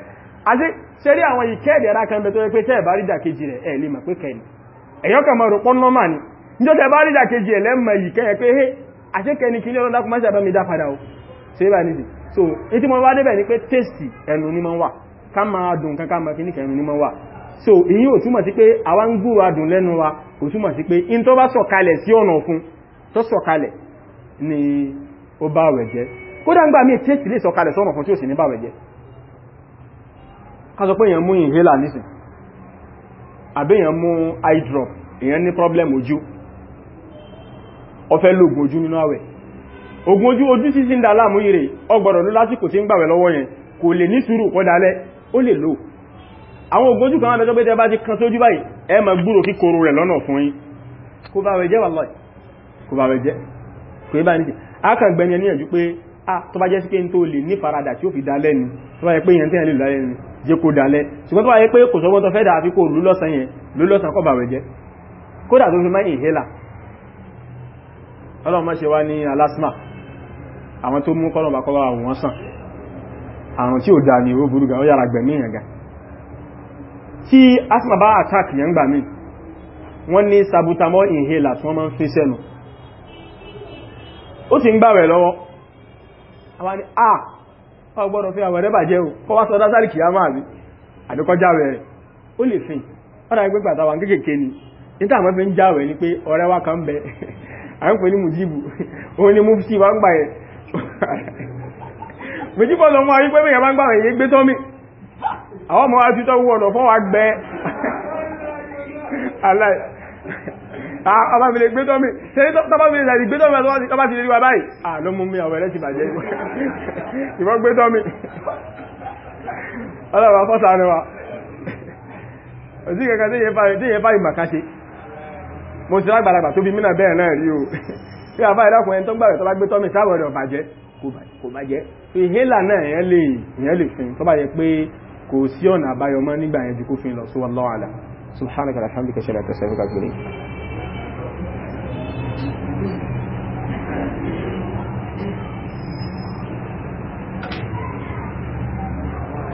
àti ṣeré àwọn ìkẹ́ẹ̀dẹ̀ ara kan bẹ̀tọ́ pé tẹ́ẹ̀bá rídà kejì rẹ̀ ẹ̀ lè pé kẹ́ẹ̀ni ẹ̀yọ́ kan mọ̀ rọ̀pọ̀ nọ́mà ni níjọ́ tẹ́ẹ̀bá rídà kejì ẹ̀ lẹ́mọ̀ ìkẹ́ẹ̀ tó sọ̀kalẹ̀ ni ó bá àwẹ̀ jẹ́ kódà ń gbà mí tí èsì lè sọ̀kalẹ̀ sọ́nà kan tí ó sì ní bá àwẹ̀ jẹ́ ká sọ pé èèyàn mú inhaler nísìn àbí èèyàn mú eye drop èèyàn ní problem ojú ó fẹ́ lògùn ojú nínú àwẹ̀ ogun ojú ojú sí sí ń da láàmú yìí rẹ̀ ọgbọ̀rọ̀ ló lásìkò tí ń gbàwẹ̀ lọ́wọ́ yẹn kò lè ní sùúrù kọ́ dalẹ̀ ó lè lò àwọn ogun ojú kan wọ́n bẹ́jọ́ pé tẹ́ bá ti kan sójú báyìí ẹ gbúrò kíkorò rẹ̀ lọ́nà fún yín kó bá wẹ̀ jẹ́ wà lọ́yìí kò bá rẹ̀ jẹ́ kò bá níjẹ́ akàgbẹ̀ni ẹni ẹ̀jú pé a tó bá jẹ́ sí pé n tó lè ní faradà tí ó fi dalẹ́ ni tó bá yẹ pé yẹn tẹ́yẹn lè lálẹ́ ni jẹ́ kó dalẹ́ ṣùgbọ́n tó bá yẹ pé kò sọ́gbọ́n tó fẹ́ dà àfi kó lú lọ́sàn yẹn lú lọ́sàn kọ́ bà rẹ̀ jẹ́ kódà tí asma bá attack yẹn gbà mí wọ́n ní sabutamol inhaler tí wọ́n máa ń fi sẹ́nu ó sì ń gbàwẹ̀ lọ́wọ́ àwọn ni a ọgbọ́dọ̀ fi àwẹ̀rẹ́ bàjẹ́ o kọ́ sọ dásàlì kìí àmà àbí àdúkọjáwẹ̀ rẹ̀ ó lè fin ọ́nà ẹgbẹ́ pàtàwà kéèkéé ni níta àmọ́ fi ń jáwẹ̀ ni pé ọ̀rẹ́ wa kan bẹ <laughs> <laughs> ni <laughs> àwọn ọmọ wa ọ̀nà mi mi gbẹ́dọ́mì tàbábìlẹ̀ láti gbẹ́dọ́mì àti ọba ti lè rí wa báyìí àlọ́mú mi àwọn ẹlẹ́sì bàjẹ́ <laughs> ìwọ́n gbẹ́dọ́mì <laughs> ọlọ́wà fọ́sà ni wa òsì kẹta tí yẹ fáyì màkáṣe mo ti lágbàlagbà tó bí mínà bẹ́ẹ̀ náà rí o tí a fáyì lákùnrin tó gbàrẹ̀ tó bá gbé tọ́mì sáwọ̀ rẹ̀ bàjẹ́ kò bàjẹ́ ìhélà náà èèyàn lè fin tó bá yẹ pé kò sí ọ̀nà àbáyọmọ́ nígbà yẹn ju kó fin lọ sí wọn lọ́wọ́ àlà subhanaka alhamdulillah shalla ta sabuka gure